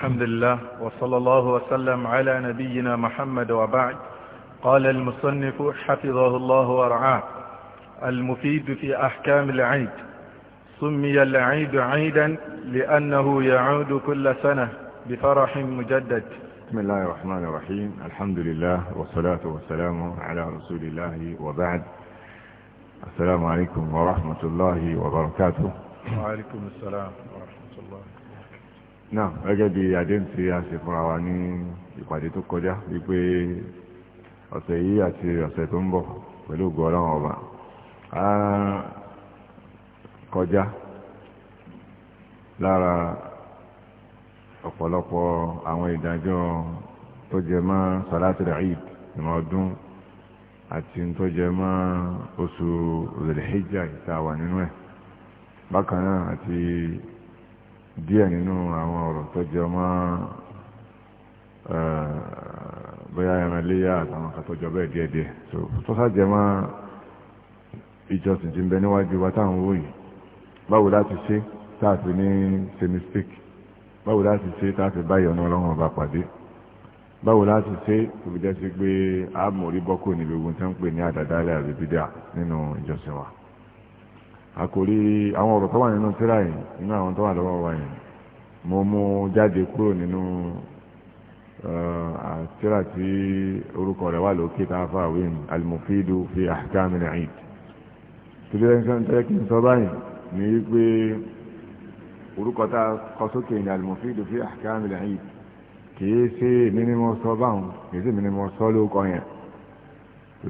الحمد لله وصلى الله وسلم على نبينا محمد وبعد قال المصنف حفظه الله ورعاه المفيد في أحكام العيد سمي العيد عيدا لأنه يعود كل سنة بفرح مجدد بسم الله الرحمن الرحيم الحمد لله والصلاة والسلام على رسول الله وبعد السلام عليكم ورحمة الله وبركاته وعليكم السلام ورحمة الله náà gẹ́gẹ́ bí àdéǹtì a ṣe fúnra wa ní ìpàdé tó kọjá wípé ọ̀sẹ̀ yìí àti ọ̀sẹ̀ tó ń bọ̀ pẹ̀lú ògùn ọlọ́run ọba a kọjá lára ọ̀pọ̀lọpọ̀ àwọn ìdájọ́ tó jẹ mọ́ sàlátìlẹ̀ Eid ìmọ̀ ọdún àti tó jẹ mọ́ oṣù Dhul Hijjah ìta wà nínú ẹ̀ bákan náà àti díẹ̀ nínú àwọn ọ̀rọ̀ tó jẹ ọmọ bóyá ẹran iléyà àtàwọn kan tó jọ bẹ́ẹ̀ díẹ̀ díẹ̀ tó sájẹ mọ́ ìjọsìn ti ń bẹ níwájú wa táwọn owó yìí báwo láti ṣe táàfi ní ṣe mistake báwo láti ṣe táàfi báyìí ọ̀nà ọlọ́run ọba pàdé báwo láti ṣe tó fi jẹ́ sí pé àmọ̀rí bọ́kù ní gbogbo tí wọ́n ń pè ní àdàdálẹ̀ àbíbídà nínú ìjọsìn wa àkòrí àwọn ọ̀rọ̀ tó wà nínú tírà yìí nínú àwọn tó wà lọ́wọ́ wa yìí mo mú jáde kúrò nínú tírà tí orúkọ rẹ̀ wà lókè tá a fà wí ní al-mufidu fi ahkam al-eid tó jẹ́ nǹkan tẹ́ kí n sọ báyìí ní wípé orúkọ tá a kọ sókè ní al fi ahkam al kìí ṣe èmi ni mo sọ báwọn kìí ṣe èmi ni mo sọ lóko yẹn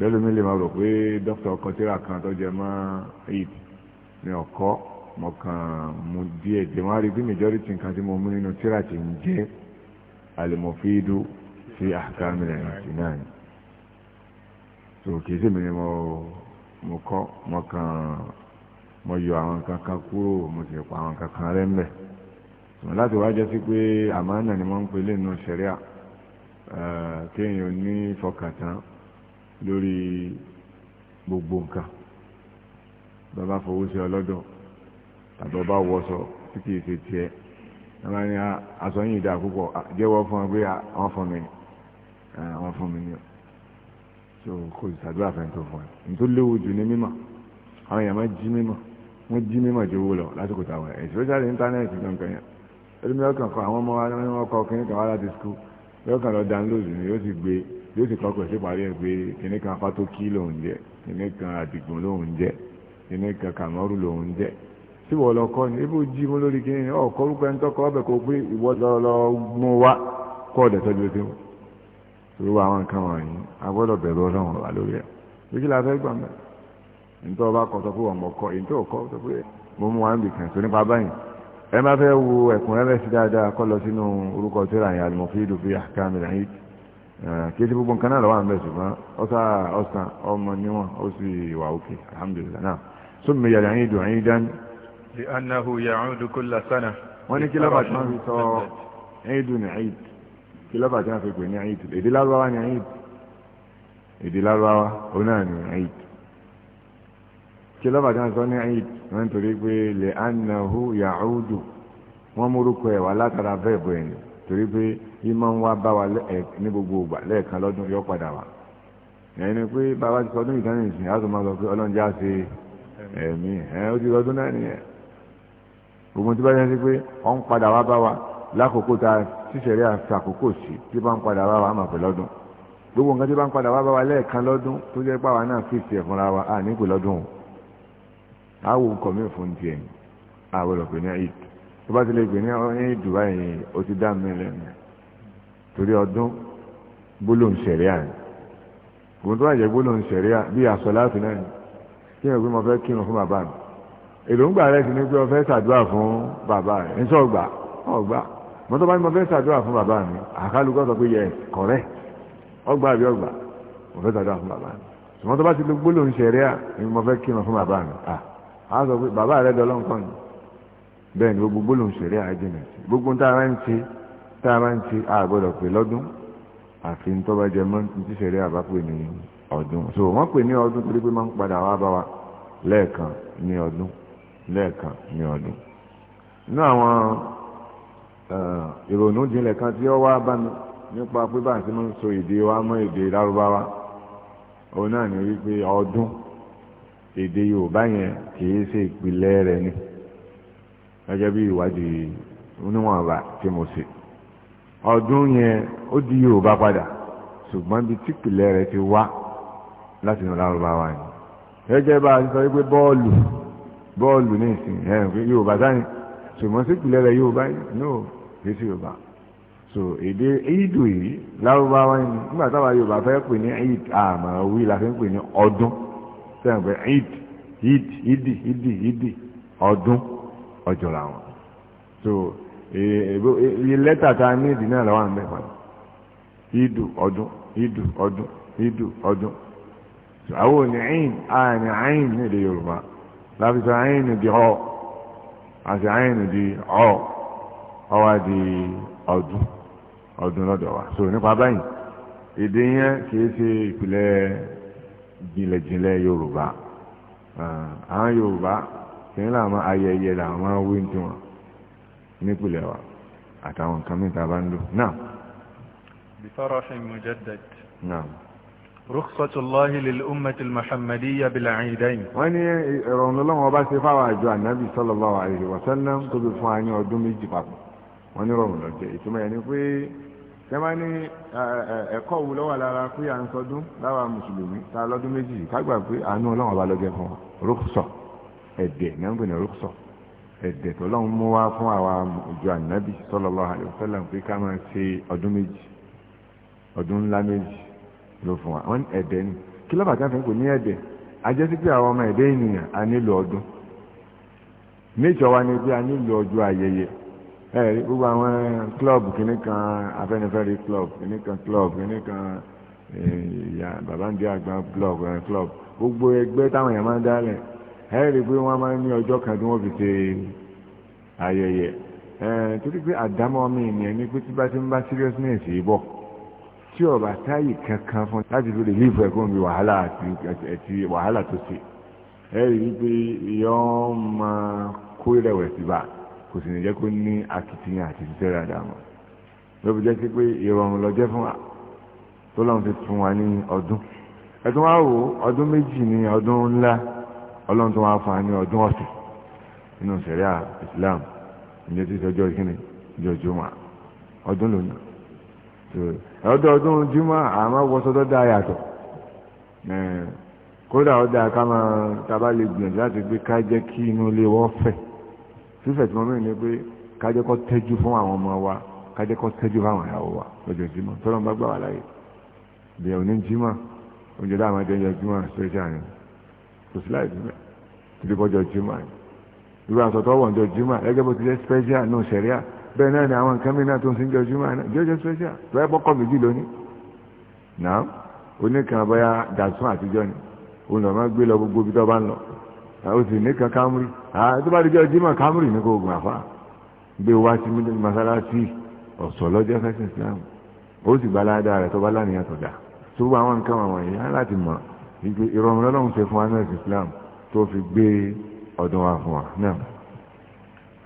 lẹ́lómi lè máa rò pé dókítà ọkọ tírà kan tó jẹ mọ́ eid ní ọ̀kọ́ mo kàn mú díẹ̀ díẹ̀ wọ́n á rí bí majority nǹkan tí mo mú nínú tíra ń jẹ́ àlèmọ̀fíìdù sí àkàmìlẹ̀ ẹ̀sìn náà so kì í sì mí ni mo mo kọ́ mo kàn mo yọ àwọn nǹkan kan kúrò mo sì pa àwọn nǹkan kan rẹ́ ń bẹ̀ láti wá jẹ́ sí pé àmánà ni wọ́n ń pè lẹ́nu sẹ́ríà kéèyàn ní fọkàntán lórí gbogbo nǹkan bàbá fowó sí ọlọ́dọ̀ tàbí ọba wọṣọ tí kìí ṣe tiẹ̀ bàbá ní asọ́yìn ìdá púpọ̀ jẹ́wọ́ fún ọ pé àwọn fún mi àwọn fún mi ni so kò sì ṣàdúrà fẹ́ntọ́ fún ẹ nítorí léwu jù ní mímọ̀ àwọn èèyàn máa jí mímọ̀ wọ́n jí mímọ̀ jẹ́ owó lọ lásìkò táwọn ẹ̀ especially internet náà nǹkan yẹn ẹlẹ́mi ọkàn kọ àwọn ọmọ wa ní wọ́n kọ kínní kan wá láti skul lọ́kàn lọ download ni yóò sì gbé yóò sì kọ́kọ́ sí parí ẹ̀ pé kínní kan pátó kí lòun jẹ́ kínní kan àdìgún lòun jẹ́ ìní kankan mọ́rù lòun jẹ́ tí wọ́n lọ kọ́ ni ebó jí mú lórí kí ni ọ̀kọ́ rúpẹ́ ń tọ́kọ́ ọbẹ̀ kó pé ìwọ́ lọ mú wa kọ́ ọ̀dẹ̀ tọ́jú tí wọ́n torí wa àwọn nǹkan wọ̀nyí a gbọ́dọ̀ bẹ̀rù ọlọ́run wà lórí ẹ̀ lójú la fẹ́ gbà mẹ́ nítorí ọba kọ sọ pé ọmọ kọ èyí tó kọ sọ pé mo mú wa ń bì kàn tó nípa báyìí ẹ má fẹ́ wo ẹ̀kúnrẹ́rẹ́ sí dáadáa kọ́ lọ sínú orúkọ tíra yẹn al-Mufidu fi ahkamil Eid kí ti gbogbo nǹkan náà lọ́wọ́ à ń bẹ̀ ṣùgbọ́n ọ̀sán ọmọ níwọ̀n ó sì wà òkè alhamdulillah náà summiya al-iidu iidan. li'annahu ya'udu kulla sana. wọ́n ní kílọ̀bà tí wọ́n fi sọ iidu ní iid kílọ̀bà tí wọ́n fi pè ní iid èdè lárúbáwá ní iid èdè lárúbáwá òun náà ní iid kílọ̀bà tí wọ́n sọ ní iid wọ́n torí pé li'annahu ya'udu wọ́n múrúkọ ẹ̀ wá látara bẹ́ẹ̀ bọ̀ ẹ̀ torí pé ìmọ̀ ń wá bá wa ní gbogbo ìgbà lẹ́ẹ̀kan lọ́dún yọ padà wá ẹni pé bàbá ti sọdún ìtàn ìsìn àtúmọ̀ sọ pé ọlọ́njẹ́ á ṣe ẹ̀mí ẹ̀ ó ti lọ́dún náà nìyẹn gbogbo tí bá yẹn ti pé ọ̀ ń padà wá bá wa lákòókò tá a ṣíṣẹ̀rí àṣàkókò sí tí bá ń padà wá wa á mà pé lọ́dún gbogbo nǹkan tí bá ń padà wá bá wa lẹ́ẹ̀kan lọ́dún tó jẹ́ pàwọn náà fèsì ẹ̀ fúnra wa à ní pè lọ́dún o àwò nǹkan mi fún tiẹ̀ àwọ̀ lọ pè ní eid tó bá ti lè pè ní eid báyìí o ti dá mi lẹ́nu torí ọdún gbólóhùn ṣẹ̀ríà gbogbo tó bá jẹ́ gbólóhùn ṣẹ̀ríà bí àsọ̀láàtì náà kí ẹ gbé mo fẹ́ kírun fún bàbá mi èròǹgbà rẹ ti ní pé o fẹ́ ṣàdúrà fún bàbá rẹ ní sọ̀gbà ọ̀gbà mo tó bá ní mo fẹ́ ṣàdúrà fún bàbá mi àkálùkọ́ sọ pé yẹ kọ̀rẹ́ ọgbà àbí ọgbà mo fẹ́ ṣàdúrà fún bàbá mi ṣùgbọ́n tó bá ti lo gbólóhùn ṣẹ̀rẹ́ à ni mo fẹ́ kírun fún bàbá mi à á sọ pé bàbá rẹ dọ́ lọ́nkọ́ ni bẹ́ẹ̀ ni gbogbo gbólóhùn ṣẹ̀rẹ́ à jìnà gbogbo tá a máa ń ṣe tá a máa ń ṣe àgbọ̀dọ̀ pé lọ́dún àfi ń ti ṣẹ̀rẹ́ àbá nìyẹn ọdún so wọ́n pè ní ọdún torí pé máa ń padà wá bá lẹ́ẹ̀kan ní ọdún lẹ́ẹ̀kan ní ọdún inú àwọn eh, ìrònú jinlẹ̀ kan tí ó wá bá mi nípa pé bá àti máa ń so èdè wa mọ́ èdè lárúbáwá òun náà ní wípé ọdún èdè yorùbá yẹn kìí ṣe ni bí ìwádìí tí yẹn ó di yorùbá padà ti wá láti inú lárúbáwá ni gẹ́gẹ́ bá a sọ wípé bọ́ọ̀lù bọ́ọ̀lù ní ìsìn ẹ̀ yorùbá sáni ṣùgbọ́n sí ìpìlẹ̀ rẹ̀ sí yorùbá so èdè ìdù yìí lárúbáwá ni nígbà táwa yorùbá fẹ́ pè ní ìd àmọ́ wí la fi ń pè ní ọdún sẹ́yìn pé ìd ìd ìdì ìdì ìdì ọdún ọjọ́ làwọn so e, e, e, iye lẹ́tà tá a ní náà lọ́wọ́ à ń bẹ̀ pàdé ìdù ọdún ìdù ọdún ìdù ọdún. àwọn òní àyìn àní àyìn ní èdè yorùbá láti sọ àyìn di ọ àti àyìn di ọ ọwá di ọdún ọdún lọ́dọ̀ wa so nípa báyìí èdè yẹn kìí ṣe ìpìlẹ̀ jìnlẹ̀jìnlẹ̀ yorùbá àwọn yorùbá kìí làwọn ayẹyẹ làwọn wí ní tiwọn nípìlẹ̀ wa àtàwọn nǹkan mìíràn bá ń lò náà. bí fọ́rọ̀ ṣe mú jẹ́ dẹ́t. náà. رخصة الله للأمة المحمدية بالعيدين واني رون الله وباسي فاوى جوا النبي صلى الله عليه وسلم تبي فاني ودومي جباب واني رون الله جاي ثم يعني في كما ni ẹ̀kọ́ wo lọ́wọ́ lára pé à ń sọdún láwa mùsùlùmí ta lọ́dún méjì kágbà pé àánú ọlọ́run ọba lọ́jọ́ fún wa rúkṣọ ẹ̀dẹ̀ ní wọ́n pè ní rúkṣọ ẹ̀dẹ̀ tó lọ́run mú wá fún àwa ìjọ ànábì sallallahu alaihi wasallam pé ká máa ṣe ọdún méjì ọdún ńlá méjì ló fún wa wọ́n ẹ̀dẹ̀ ni kí lọ́ba kan fi ń pè ní ẹ̀dẹ̀ ajẹ́ sí pé àwọn ọmọ ẹ̀dẹ́ ènìyàn a nílò ọdún níjọ wa ni pé a nílò ọjọ́ ayẹyẹ ẹ gbogbo àwọn club kìíní kan afẹ́nifẹ́re club kìíní kan club kìíní kan ìyá bàbá ń dé àgbà club club gbogbo ẹgbẹ́ táwọn èèyàn máa ń dálẹ̀ ẹ rí i pé wọ́n máa ń ní ọjọ́ kan tí wọ́n fi ṣe ayẹyẹ ẹ torí pé àdámọ́ mi ènìyàn ni pé tí bá ti ń bá seriousness yìí bọ̀ tí ọba táyì kankan fún láti fi rìlífù ẹ̀kọ́ bí wàhálà àti wàhálà tó ṣe ẹ rí i pé yọ́n máa kó ìrẹ̀wẹ̀sì bá kò sì ní jẹ́ kó ní akitiyan àti ṣiṣẹ́ rẹ̀ àdàmọ́ ló fi jẹ́ sí pé ìrọ̀rùn lọ jẹ́ fún wa tó lọ́run ti fún wa ní ọdún ẹ̀tún wá wò ọdún méjì ní ọdún ńlá ọlọ́run tó wá fún wa ní ọdún ọ̀sẹ̀ nínú sẹ̀ríà Islam ìjọ tí sọjọ́ ìkíni ìjọ jùmọ̀ ọdún lónìí ọdọọdún jimá àmọ́ wọṣọ tó dáa yàtọ̀ kódà ó dáa ká máa tábà lè gbìyànjú láti gbé ká jẹ́ kí inú ilé wọ́n fẹ̀ fífẹ̀ tí mo mẹ́rin ni pé ká jẹ́ kó tẹ́jú fún àwọn ọmọ wa ká jẹ́ kó tẹ́jú fáwọn ìyàwó wa lọ́jọ́ jimá tọ́lọ́ bá gbà wá láyè bẹ̀rẹ̀ òní jimá oúnjẹ dáa máa jẹ́ jimá special ni kò sí láì jimá tìdíkọ́jọ jimá ni ìwé àsọtọ́wọ̀ ọjọ́ jimá ẹgẹ́ bó ti jẹ́ special náà sẹ̀ríà bẹ́ẹ̀ ni àwọn nǹkan mìíràn tó ń sin jọjúmọ́ àná jọjọ́ special bẹ́ẹ̀ pọ́kọ̀ méjì lónìí náà oníkan bọ́yá dàsún àtijọ́ ni òun lọ́ọ́ máa gbé lọ gbogbo ibi tó bá ń lọ ó sì ní kan kámúrì tó bá di jọ jimá kámúrì ní kò gbà fà gbé wá sí masalasi ọ̀sọ̀ lọ́jọ́ fẹ́sẹ̀ Islam ó sì gba aládàá rẹ̀ tó bá lánìyàn tó dà tó gbogbo àwọn nǹkan àwọn èèyàn láti mọ̀ ìrọ̀rùn lọ́lọ́run ṣe fún wa Islam tó fi gbé ọdún wa fún wa náà.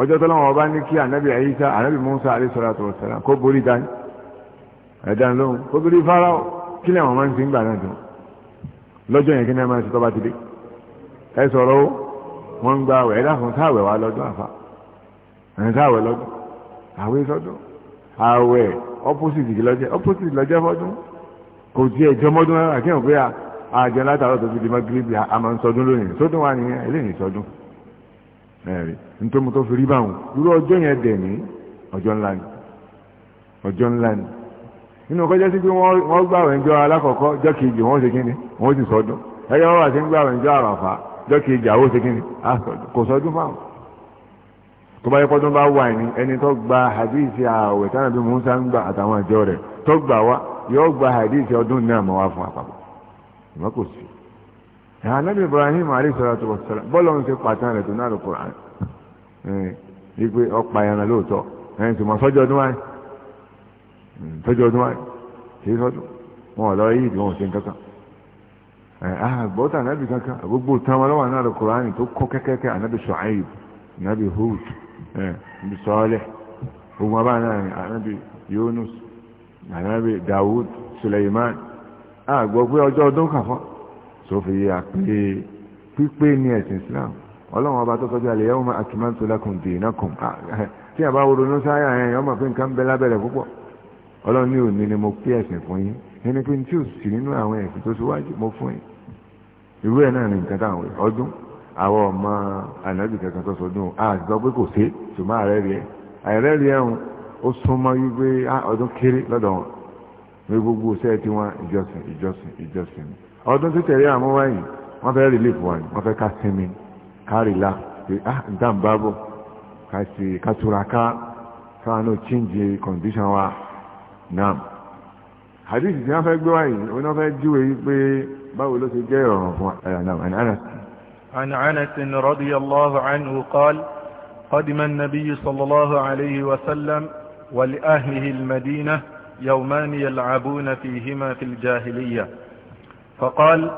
ọjọ́ tọ́lọ́wọ́n ọba ní kí ànábì àyíṣà ànábì Musa àríṣọ́láàtọ̀ ọ̀sẹ̀lá kó borí dání ẹ̀dán lóhùn kó borí Fáráò kí ni àwọn máa ń ti ń gbà náà dùn lọ́jọ́ yẹn kí ni a máa ń ti tọ́ bá ti dé ẹ sọ̀rọ̀ o wọ́n ń gba àwẹ̀ ẹ̀dá fún táwẹ̀ wá lọ́dún àfa ẹ̀dá táwẹ̀ lọ́dún àwẹ̀ sọ́dún àwẹ̀ opposite lọ́jẹ́ fọ́dún kò tí ẹ̀ jọmọ́dún rárá kí wọ́n pé àjọ látàrọ̀ tó ti di mọ́ àmọ́ sọdún lónìí sọdún wa nìyẹn eléyìí sọdún ẹ̀rí eh, nítorí mo tó fi rí báwọn irú ọjọ́ yẹn dẹ̀ ní ọjọ́ ńlá ni ọjọ́ ńlá ni nínú kọjá sí pé wọ́n gbà wẹ̀ ńjọ́ alákọ̀ọ́kọ́ jọ́ kejì wọ́n ṣe kíni wọ́n ẹ̀yọ́ gbà àràfà jọ́ kejì àwọn ṣe kíni kò fáwọn tó bá yẹ bá wà ní ẹni ànábì Ibrahim àríṣọ́láṣọ́ wọ̀sọ̀lá bọ́lọ́run ti pàtàn rẹ̀ tó náà lọ kùrán wípé ọ̀pá ẹran lóòótọ́ ẹ̀yìn tó mọ̀ sọ́jọ́ ọdún wáyé hmm, sọ́jọ́ ọdún wáyé kì í sọ́dún wọn ò lọ yí ìdí wọn ò ṣe kankan àgbọ̀tà ànábì kankan gbogbo náà lọ kùrán tó kọ́ kẹ́kẹ́kẹ́ ànábì náà ní ànábì Yunus ànábì Dawud Suleiman àgbọ̀ pé ọjọ́ ọdún sófin yìí àpé pípé ní ẹ̀sìn Islam ọlọ́run ọba tó sọjọ́ àlẹ́ yẹ́wọ́n akimantó lakum dinakum tí a bá wo ronú sáyà yẹn ọmọ pé nǹkan bẹ lábẹ́rẹ̀ púpọ̀ ọlọ́run ní òní ni mo pé ẹ̀sìn fún yín ẹni pé tí ò sí nínú àwọn ẹ̀sìn tó síwájú mo fún yín irú ẹ̀ náà ní nǹkan táwọn ọdún àwọn ọmọ ànábì kankan tó sọdún àgbọ̀ pé kò sí ṣùgbọ́n ààrẹ rí ẹ ààrẹ rí ẹ̀hún ó súnmọ́ wípé ah, ọdún kéré lọ́dọ̀ wọn wípé gbogbo iṣẹ́ tiwọn ìjọsìn ìjọsìn ìjọsìn ni ọdún tó tẹ̀lé àmúwá yìí wọ́n fẹ́ relief wa ni wọ́n fẹ́ ká sinmi ká rìlá pé ah nǹkan bá bọ̀ ká sì ká tura ká sáànù change condition wa náà hadith tí wọ́n fẹ́ gbé wá yìí wọ́n fẹ́ júwe pé báwo ló ṣe jẹ́ ìrọ̀rùn fún ẹ̀yà náà ẹ̀yà náà. عن انس رضي الله عنه قال قدم النبي صلى الله عليه وسلم ولاهله المدينه يومان يلعبون فيهما في الجاهليه فقال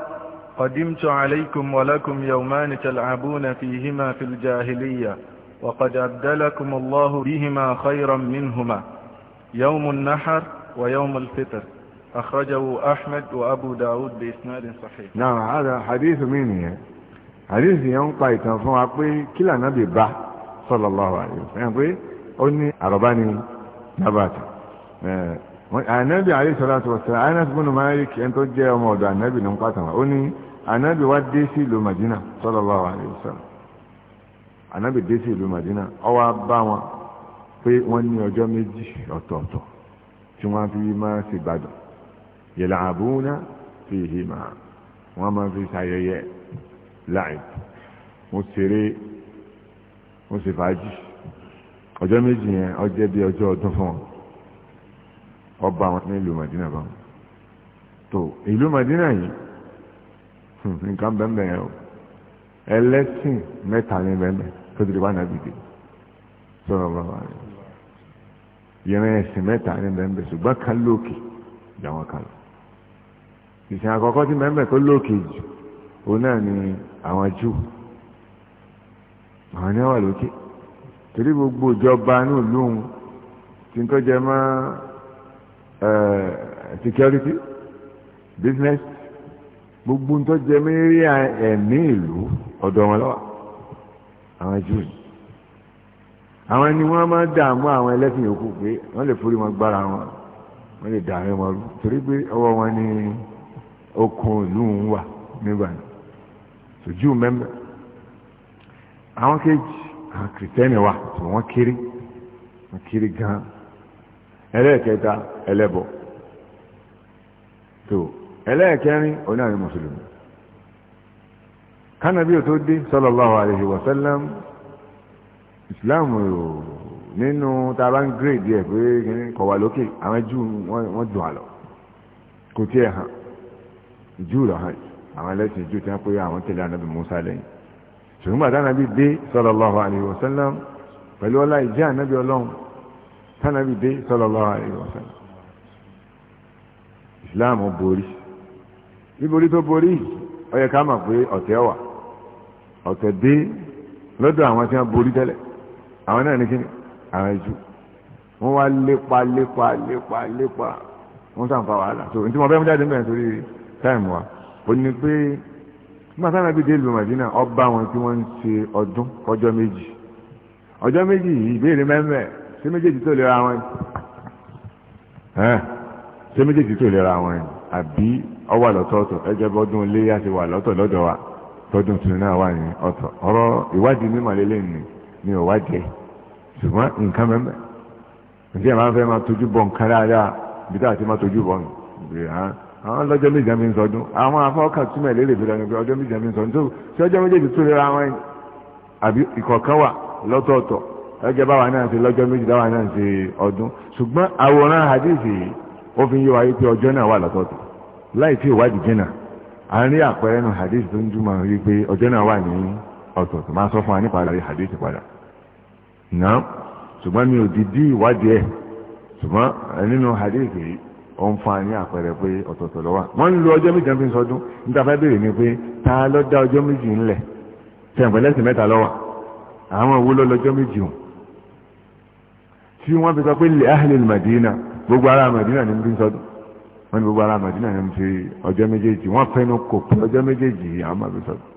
قدمت عليكم ولكم يومان تلعبون فيهما في الجاهلية وقد أبدلكم الله بهما خيرا منهما يوم النحر ويوم الفطر أخرجه أحمد وأبو داود بإسناد صحيح نعم هذا حديث مني حديث يوم قايتا فوقي كلا نبي بح صلى الله عليه وسلم يعني قلني أرباني نباتا آه، ànábì alayhi salatu wassalam Anas ibn Malik ẹni tó jẹ́ ọmọ ọ̀dọ̀ ànábì ní pàtàkì ó ní ànábì wá dé sí ìlú Madina sallallahu alayhi wasallam ànábì dé sí ìlú Madina ó wá bá wọn pé wọ́n ní ọjọ́ méjì ọ̀tọ̀ọ̀tọ̀ tí wọ́n fi máa ṣe gbádùn yal'abuna fihima wọ́n máa fi ṣayẹyẹ láìp wọ́n ṣeré wọ́n ṣe fàájì méjì yẹn ó jẹ́ bí ọdún fún wọn ọba àwọn ní ìlú Madina bá wọn tó ìlú Madina yìí hmm, nǹkan bẹ́ẹ̀ yẹn o ẹlẹ́sìn mẹ́ta ní bẹ́ẹ̀ tó ti di wọn nàbí dé sọ̀rọ̀ bá wà rẹ̀ yẹn ẹ̀sìn mẹ́ta ní bẹ́ẹ̀ ṣùgbọ́n kan lókè làwọn kan lọ ìsìn àkọ́kọ́ tí mẹ́mẹ́ tó lókè jù òun náà ni àwọn Júù àwọn ní wà lókè torí gbogbo ìjọba ní òlóhun tí ń tọ́jẹ́ máa Eh, security business gbogbo ń tọ́jẹ mẹ́rin ẹ̀mí ìlú ọ̀dọ̀ wọn lọ́wọ́ àwọn Júù àwọn ẹni wọ́n máa dààmú àwọn ẹlẹ́sìn yòókù pé wọ́n lè forí wọn gbára wọn wọ́n lè dààrin wọn rú torí pé ọwọ́ wọn ni okùn ìlú ń wà nígbà náà sojú mẹ́mẹ́ àwọn kejì àwọn kìrìtẹ́nì wà tí wọ́n kéré wọ́n kéré gan-an ẹlẹ́ẹ̀kẹta ẹlẹ́bọ tó ẹlẹ́ẹ̀kẹrin oní àwọn mùsùlùmí kánàbí ò tó dé sallallahu alaihi wa sallam ìsìláàmù ò nínú tá a bá ń gírè díẹ̀ pé kò wà lókè àwọn jù wọ́n jù àlọ́ kò tí ẹ̀ hàn jù lọ hàn àwọn ẹlẹ́sìn jù tí wọ́n pé àwọn tẹ̀lé ànábì Musa lẹ́yìn ṣùgbọ́n bàtà dé sallallahu alaihi wa pẹ̀lú ọlá ìjẹ́ ànábì ọlọ́run tánàbí dé sallallahu alaihi wasallam islam borí bíborí tó borí ó yẹ ká mọ̀ pé ọ̀tẹ̀ wà ọ̀tẹ̀ dé lọ́dọ̀ àwọn tí wọ́n borí tẹ́lẹ̀ àwọn náà ní kíni àwọn ìjú wọ́n wá lépa lépa lépa lépa wọ́n sàǹfà wàhálà tó ní tí wọ́n fẹ́ mú jáde nígbà torí táìmù wa ó ní pé nígbà táwọn dé ìlú Màdínà ọba wọn tí wọ́n ń ṣe ọdún ọjọ́ méjì ọjọ́ méjì yìí ìbéèrè mẹ́mẹ́ẹ̀ ṣé méjèèjì tó lera wọn ni méjèèjì tó lera wọn àbí ti wà wa tọdún tún náà wà ní ni ò wádìí nǹkan mẹ́mẹ́ ǹjẹ́ máa ń fẹ́ máa tójú bọ̀ nǹkan bí táà ti máa tójú bọ̀ àwọn lọjọ méjì mi ń àwọn afọ́kà túmọ̀ ìlérè pé méjì mi ń tó méjèèjì tó lọ́jọ́ báwa náà ṣe lọ́jọ́ méjì báwa náà ṣe ọdún ṣùgbọ́n àwòrán hadithi ó fi ń yé wa yí pé ọjọ́ náà wà lọ́tọ̀ọ̀tọ̀ láì tí ìwádìí jìnnà à ń rí àpẹẹrẹ nù hadith tó ń dúmọ̀ rí pé ọjọ́ náà wà ní ọ̀tọ̀ọ̀tọ̀ máa sọ fún wa nípa àlàyé hadith padà náà ṣùgbọ́n mi ò dìdí ìwádìí ẹ̀ ṣùgbọ́n nínú hadith yìí ó ń fa ní àpẹẹrẹ pé ọ̀tọ̀ọ̀tọ̀ ló wà wọ́n ń lo ọjọ́ méjì fi ń sọdún níta fẹ́ béèrè ni pé ta ló dá ọjọ́ méjì ńlẹ̀ tẹ̀m̀pẹ́lẹ́sìn mẹ́ta ló àwọn òwú ló méjì hùn tí wọ́n fi sọ pé lè áhìlè màdínà gbogbo ará màdínà ni mo fi ń sọdún wọ́n ní gbogbo ará màdínà ni mo fi ọjọ́ méjèèjì wọ́n fẹ́nu kò pé ọjọ́ méjèèjì yìí àwọn máa fi sọdún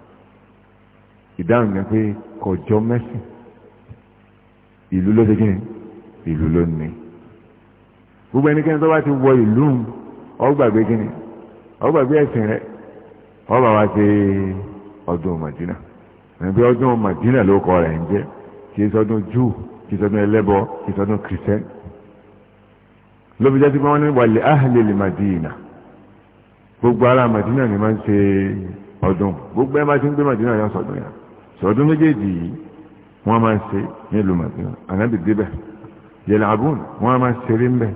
ìdáhùn ni pé kò jọ mẹ́sìn ìlú ló ti kíni ìlú ló ní gbogbo ẹnikẹ́ni tó bá ti wọ ìlú ọgbàgbé kíni ọgbàgbé ẹ̀sìn rẹ ọba wa ṣe ọdún màdínà ẹ̀bí ọdún màdínà ló kọ rẹ̀ ń jẹ́ kì í sọdún júù kì í sọdún ẹlẹ́bọ kì í sọdún kìrìsẹ́ ló fi jásí pé wọ́n ní wàlẹ̀ ahli li Madina gbogbo ara Madina ni máa ń ṣe ọdún gbogbo ẹ máa ti ń gbé Madina yọ sọdún yà sọdún méjèèjì yìí wọ́n máa ń ṣe nílùú Madina ànábì débẹ̀ yalabun wọ́n máa ń ṣeré ń bẹ̀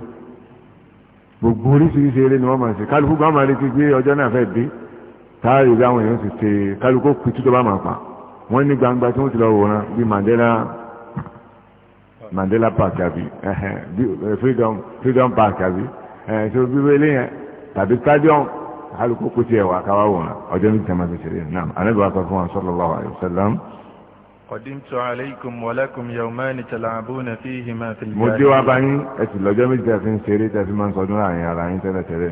gbogbo oríṣiríṣi eré ni wọ́n máa ń ṣe kálukú bá máa retí pé ọjọ́ náà fẹ́ dé táàrí bí àwọn èèyàn ti ṣe kálukú pitú tó bá máa pa wọ́n ní gbangba tí wọ́n ti lọ wòran bí Mandela Mandela Park àbí freedom freedom park àbí ṣe bíbélì eléyẹn tàbí stadium alùpùpù kò tiẹ̀ wà káwá wò ná ọjọ́ ní tẹ̀mọ́ ti ṣeré náà anábì wa sọ fún wa sallallahu alaihi wasallam. قدمت عليكم ولكم يومان تلعبون فيهما في الجاهلية مدي واباني اتي لو جامي تافين سيري تافين من صدنا يعني على عين تلا تلا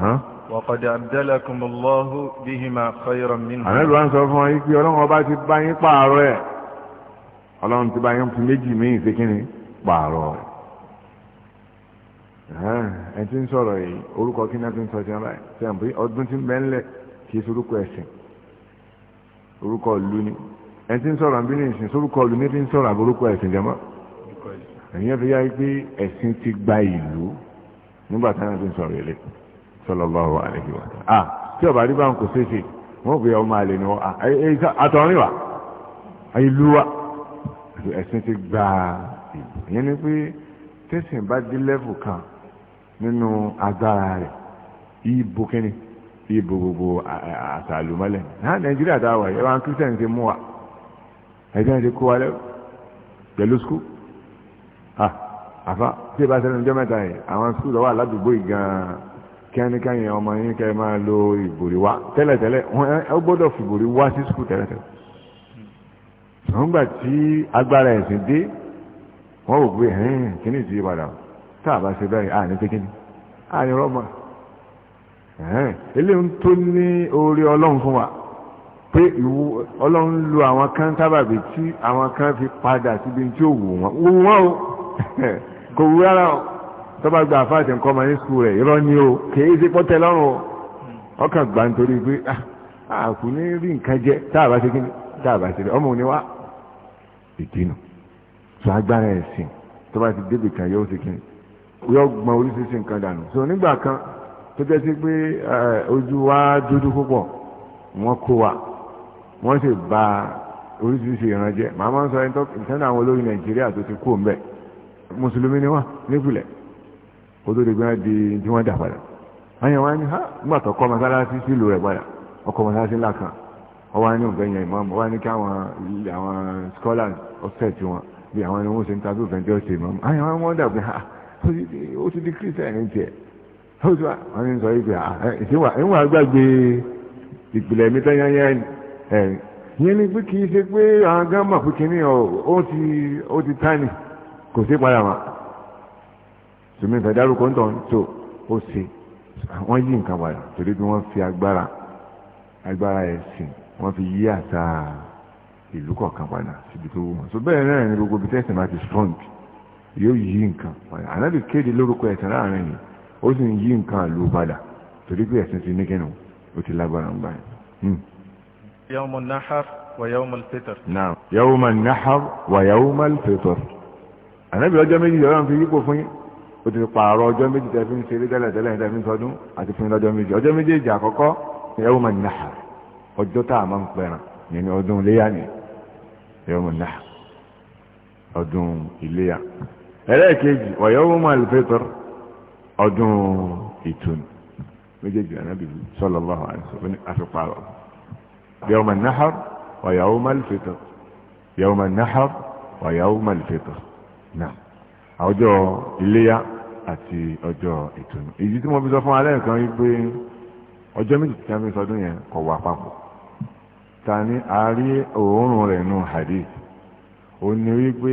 ها وقد أبدلكم الله بهما خيرا منهما أنا الوان سوف ما يكي ولن وباتي باني طارو ọlọ́run ti bá yẹn fún méjì míì ṣe kí ni pààrọ̀ rẹ̀ ẹ ti ń sọ̀rọ̀ yìí orúkọ kí ni a ti ń sọ ti ọlá ṣe àǹfẹ́ ọdún tí ń bẹ́ ńlẹ̀ kì í sorúkọ ẹ̀sìn orúkọ ìlú ni ẹ ti ń sọ̀rọ̀ àbí ní ìsìn sorúkọ ìlú ní ti ń sọ̀rọ̀ àbórúkọ ẹ̀sìn jẹ́mọ́ ẹ̀yìn fi yá pé ẹ̀sìn ti gba ìlú nígbà táwọn ti ń sọ̀rọ̀ ilé sallallahu alaihi wa sallam ah tí ọba rí bá kò ṣeéṣe wọn kò yẹ ọmọ àlè ni wọn àtọrin ẹ̀sìn ti gba ìbò ìyẹn ni pé tẹ̀sìn bá dé lẹ́vù kan nínú agbára rẹ̀ ìbò kínní ìbò gbogbo àtàlùmọ́lẹ̀ náà nàìjíríà tá a wà yẹ wọn kírísítẹ̀nì ti mú wa ẹ̀jẹ̀ ti kó wa lẹ́wọ̀ pẹ̀lú skul àfa tí ìbá sẹ́nu ọjọ́ mẹ́ta yìí àwọn skul wà ládùúgbò yìí gan-an kíánikíá yẹn ọmọ yín kẹ́ máa lo ìbòrí wa tẹ́lẹ̀tẹ́lẹ̀ wọ́n gbọ́dọ̀ fìbòrí wá sí skul tẹ́lẹ̀tẹ́lẹ̀ àwọn gbà tí agbára ẹ̀sìn dé wọ́n wò pé ẹ̀hìn kíní ti padà tá a bá ṣe báyìí à ní pékinni à ní rọ́mà ẹ̀hìn eléyìí tó ní orí ọlọ́run fún wa pé ìwú ọlọ́run lu àwọn kan sábàbí tí àwọn kan fi padà síbi tí ó wù wọ́n wù wọ́n o kò wú rárá o tọ́ba gba àfáàtì nǹkan ọmọ ní sùkúl rẹ̀ irọ́ ni o kìí ṣe pọ́tẹ́ lọ́rùn o ọkàn gbà nítorí pé àkùnrin ah, rí nǹkan jẹ tá a bá ṣe kíni tá a bá ṣe ọmọ òní wa ìdínà sọ agbára ẹ̀sìn tó bá ti débi kan yóò ti kíni yóò gbọn oríṣiríṣi nǹkan dànù sọ nígbà kan tó jẹ́ sí pé eh, ojú wa dúdú púpọ̀ wọ́n kó wa wọ́n sì ba oríṣiríṣi ìrànjẹ màá máa ń sọ ẹni tó ìtẹ́nu àwọn olórí nàìjíríà tó ti kú òun bẹ́ẹ̀ mùsùlùmí ni wọ́n nípìnlẹ̀ kó tó di gbọ́n di tí wọ́n dà padà wọ́n yẹn wọ́n á ní ha nígbà tó kọ́ mọ́sálásí sílùú rẹ̀ padà ọkọ̀ mọ́sálásí ńlá kan wọ́n ní ọ̀gbẹ́yìn ìmọ̀ọ́mù wọ́n ní kí àwọn scholars ọ̀sẹ̀ tí wọ́n bí àwọn ẹni wọ́n ṣe ń ta tó fẹ́ntì ọ̀sẹ̀ ìmọ̀ọ́mù àyàn wọ́n dàgbé ah, ó ti di christian ní tiẹ̀ ó ti wá wọ́n ní sọ yìí pé ah, ìwà gbàgbé ìpìlẹ̀ mi tán ẹ̀ yẹn ni pé kì í ṣe pé àwọn gánmà pé kínní ó ti tánì kò sí padà wọn tùmí ìfẹ́ dárúkọ ń tó ó ṣe wọ́n yí nǹkan padà torí bí wọ́n fi agbára agbára ẹ̀sìn wọ́n fi yí àṣà ìlú kọ̀ọ̀kan padà síbi tó wù wọ́n so bẹ́ẹ̀ náà ní gbogbo bitẹ́sì máa ti strong yóò yí nǹkan padà ànábì kéde lórúkọ ẹ̀sìn láàrin yìí ó sì ń yí nǹkan ìlú padà torí pé ẹ̀sìn ti ní kẹ́nu ó ti lágbára ń báyìí. Hmm. yawm an-nahar wa yawm al-fitr. naam yawm an-nahar wa yawm al-fitr. ànábì ọjọ́ méjì lọ́wọ́ fi yípo fún yín ó ti pààrọ̀ ọjọ́ méjì tẹ́ fi ń ṣeré tẹ́lẹ̀ tẹ́lẹ̀ tẹ́ fi ń sọdún àti fún yín lọ́jọ́ méjì ọjọ́ méjèèjì àkọ́kọ́ yawm an-nahar ọjọ́ tá a máa ń pẹ̀ràn nínú ọdún iléyà ni yawmun nahr ọdún iléyà ẹlẹ́ẹ̀kejì wa yawmul fitr ọdún ìtùnú méjèèjì ànábì sallallahu alaihi wasallam ní àfipárọ̀ yawmun nahr wa yawmul fitr yawmun nahr wa yawmul fitr náà ọjọ́ iléyà àti ọjọ́ ìtùnú èyí tí mo fi sọ fún alẹ́ nǹkan yìí pé ọjọ́ méjì tí a fi sọdún yẹn kọ̀ wá papọ̀ ta ní àárí òórùn rẹ̀ nù hadith ó ní wípé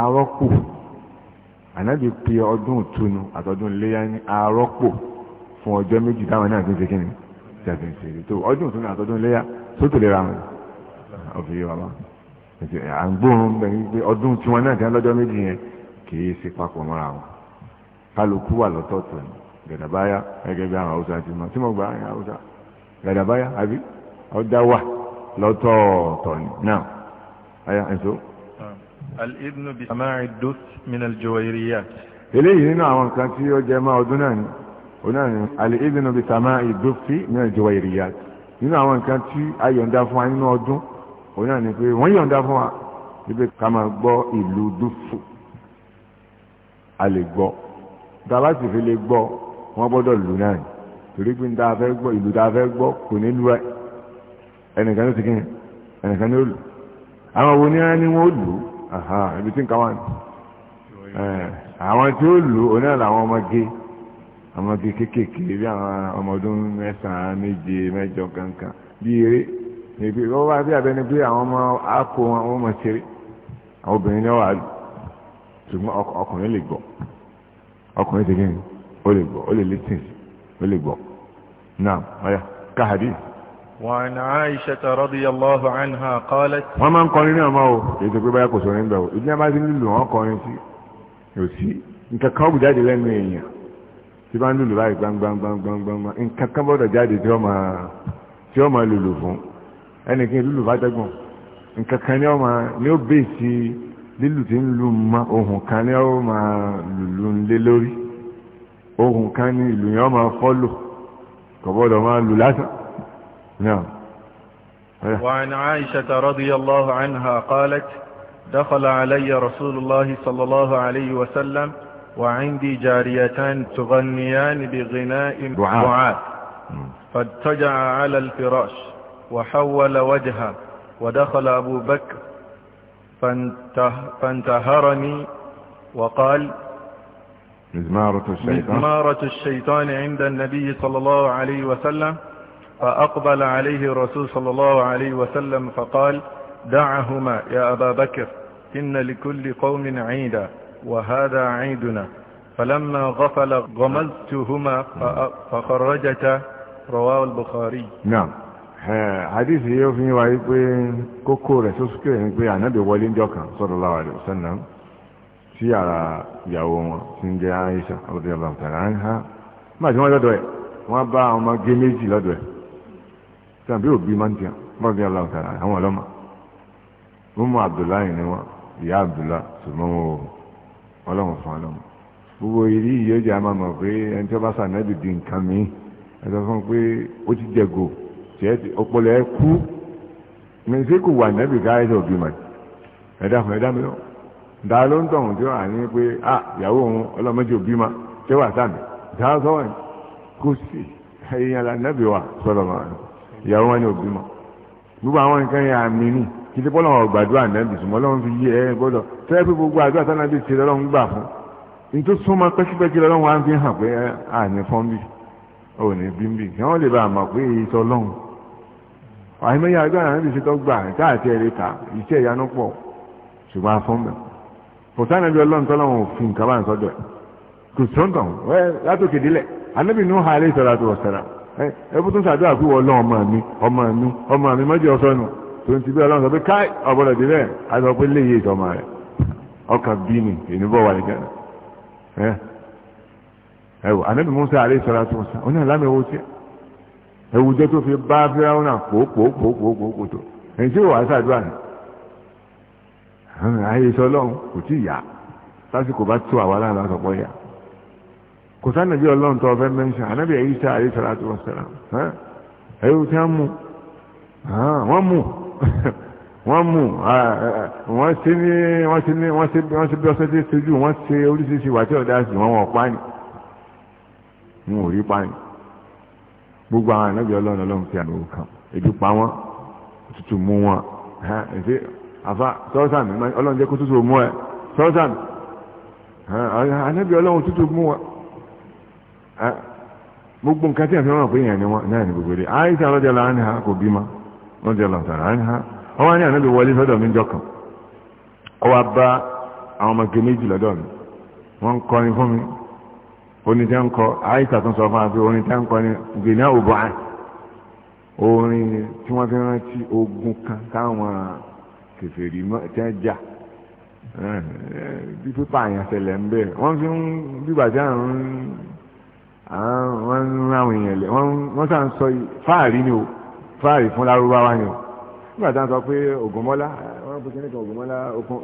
arọ́pò ànábì pe ọdún ìtúnu àtọdún iléyà ní arọ́pò fún ọjọ́ méjì táwọn náà ti ń ṣe kí ni ń ṣe tó ọdún ìtúnu àtọdún iléyà tó lè wọn òfin yìí à ń ọdún tiwọn náà ti ń lọ́jọ́ ni lọ́tọ̀ọ̀tọ̀ ni náà aya ẹ̀sọ́. al-ibnu bi samari dus min al-juwairiyat. eléyìí nínú àwọn nǹkan tí ó jẹ máa ọdún náà ni ọdún náà ni al-ibnu bi samari dus min al-juwairiyat nínú àwọn nǹkan tí a yọ̀ǹda fún wa nínú ọdún òun náà ni pé wọ́n yọ̀ǹda fún wa wípé ká máa gbọ́ ìlú dúfù a lè gbọ́ tá a bá sì fi lè gbọ́ wọ́n gbọ́dọ̀ lù náà torí pé tá a fẹ́ gbọ́ ìlú tá a fẹ́ gbọ́ kò ní lu ẹ̀ ẹnìkan ló ti kí ẹnìkan ló lù àwọn wo ni a ní wọn ó lù ibi tí nǹkan wà ní àwọn tí ó lù ú onílà àwọn ọmọge ọmọge kéékèèké bí àwọn ọmọ ọdún méje kankan bí eré ebi wọ́n bá bí pé àwọn ọmọ akó wọn àwọn obìnrin náà wà lù ọkùnrin lè ọkùnrin ti kí ni ó وعن عائشة رضي الله عنها قالت وما قرين ما هو يتقي بها كسرين ده ابن ما زين له ما قرين سي يوسي انك كم جاد لين نيا تبان لولو باي بان بان بان بان بان انك كم بودا جاد تيوما تيوما لولو فون ẹnì kí n lùlù bá dẹ́gbọ̀n nǹkan kan ní ọmọ ní ó bèèsì lílù tí ń lu ohun kan ní ọmọ lùlù نعم إيه. وعن عائشة رضي الله عنها قالت دخل علي رسول الله صلى الله عليه وسلم وعندي جاريتان تغنيان بغناء دعاء فاتجع على الفراش وحول وجهه ودخل أبو بكر فانته فانتهرني وقال مزمارة الشيطان, مزمارة الشيطان عند النبي صلى الله عليه وسلم فأقبل عليه الرسول صلى الله عليه وسلم فقال دعهما يا أبا بكر إن لكل قوم عيدا وهذا عيدنا فلما غفل غمزتهما فخرجتا رواه البخاري نعم حديث يوفي ويقول كوكو رسوس كوكو يعني نبي ولين جوكا صلى الله عليه وسلم سيارة يوم سنجي عائشة رضي الله تعالى عنها ما جمع لدوه ما باع ما جميزي لدوه tàbí òbí máa ń tiẹ̀ bọ́ọ̀dì aláwọ̀tà àwọn ọlọ́mà ọmọ abdullahi ni wọn ìyá abdullahi ṣùgbọ́n wọn ò ọlọ́mọ fún ọlọ́mọ gbogbo ìrí ìyẹ́jà máa mọ̀ pé ẹni tí wọ́n bá sànẹ́bì di nǹkan mi ẹ sọ fún pé ó ti jẹ̀gò tiẹ̀ ọpọlọ ẹ kú mẹsẹ̀ kò wà nẹ́bì káyọ̀ tó bí màdì ẹ dákun ẹ dá mi lọ dá ló ń tọ̀hún tí wọ́n á ní pé à ìyàwó òun ọlọ́mọdé òbí ma tẹ́wà sáàmì dá sọ́wọ́n kò sí ẹ̀yìn alánẹ́bì wa sọ́dọ̀ máa ìyàwó wọn ni òbí mọ gbogbo àwọn nǹkan yẹn àmì nì kí ti pọ́lọ́ wọn gbàdúrà nẹ́bì sùnmọ́ lọ́wọ́n fi yí ẹ gbọ́dọ̀ tẹ́lẹ̀ pé gbogbo àdúrà sáná bí ti lọ́wọ́n gbà fún nítorí súnmọ́ pẹ́kípẹ́kí lọ́wọ́n wá ń fi hàn pé àní fọ́n bì ò ní bí ń bì kí wọ́n lè bá a mọ̀ pé èyí sọ lọ́hùn àìmọye àdúrà nẹ́bì ṣe tọ́ gbà káàtì ẹ̀rí ta iṣẹ́ ìyanu pọ̀ ṣùgbọ́n afọ́n bẹ̀ fọ̀tánàbí ọlọ́run tọ́lọ́run òfin kaba ń sọ́dọ̀ kò sọ́ńtàn wẹ́ látòkè délẹ̀ anábì nù hàlẹ́ ìsọ̀rọ̀ àti wọ̀sẹ̀rọ̀ ẹbú tó ń ṣàdúrà pé wọ́n lọ́ ọmọ mi ọmọ mi ọmọ mi mọ́jì ọ̀sọ́nù tó ń ti bí ọlọ́run sọ pé káì ọ̀bọ̀dọ̀ dé bẹ́ẹ̀ á sọ pé léyè ìtọ́mọ rẹ̀ ọkàn bí ni ìnúbọ̀ wà ní gánà ẹ ẹ wò anábì Musa àlẹ́ ìsọ̀rọ̀ tó ń sá oní àlámì ẹwọ́ tiẹ̀ ẹwùjọ́ tó fi bá fíráwọn náà pòópòópòópòópò tó ẹ̀ tí wàá ṣàdúrà ni àyè ìsọlọ́run kò tí ì yá lásìkò bá tó àwa láàrín àtọ̀pọ̀ yà kò sáànà bí ọlọ́run tó ọfẹ́ mẹ́ńṣà ànábì ẹ̀yí sá àrí sọ̀rọ̀ àti wọ̀sẹ̀rà ẹ̀yí tí wọ́n mú wọ́n mú wọ́n mú wọ́n ṣe ní wọ́n ṣe ní wọ́n ṣe bí wọ́n ṣe bí ọṣẹ́ tí ó ṣojú wọ́n ṣe oríṣiríṣi wà tí ọ̀dà sí wọ́n wọ̀ páni wọn ò rí páni gbogbo àwọn ànábì ọlọ́run ọlọ́run fi àmì òkàn ebi pa wọ́n òtútù mú wọn ẹ̀ṣẹ́ àfa sọ́ọ̀sán ọlọ́run jẹ́ kó tútù mú ẹ sọ́ọ̀sán ànábì ọlọ́run tútù mú wọn. Ah, gbogbo nǹkan tí a fi wọn pé èèyàn ni wọn náà ní gbogbo rẹ̀ àìsàn lọ́jọ́ la ń ha kò bímọ lọ́jọ́ la tàrà ń ha ọwọ́ ní ànábì wọlé sọ́dọ̀ mi jọ kan ọwọ́ bá àwọn ọmọ kèméjì lọ́dọ̀ mi wọ́n ń kọrin fún mi orin tẹ́ ń kọ àìsàn tó sọ fún wa pé orin tẹ́ ń kọ ni gbìnà òbọ̀ àì orin tí wọ́n fi rántí ogun kan táwọn kèfèrí tẹ́ jà bí pípa àyànṣẹlẹ̀ ń bẹ̀ wọ́n fi ń bíbàjẹ́ àrùn Ah, wọ́n ń rán àwọn èèyàn lẹ̀ wọ́n sàn sọ fáàrí ni o fáàrí fún lárúbáwá ni o nígbà tá à ń sọ pé ògùnmọ́lá wọ́n bó kíní kan ògùnmọ́lá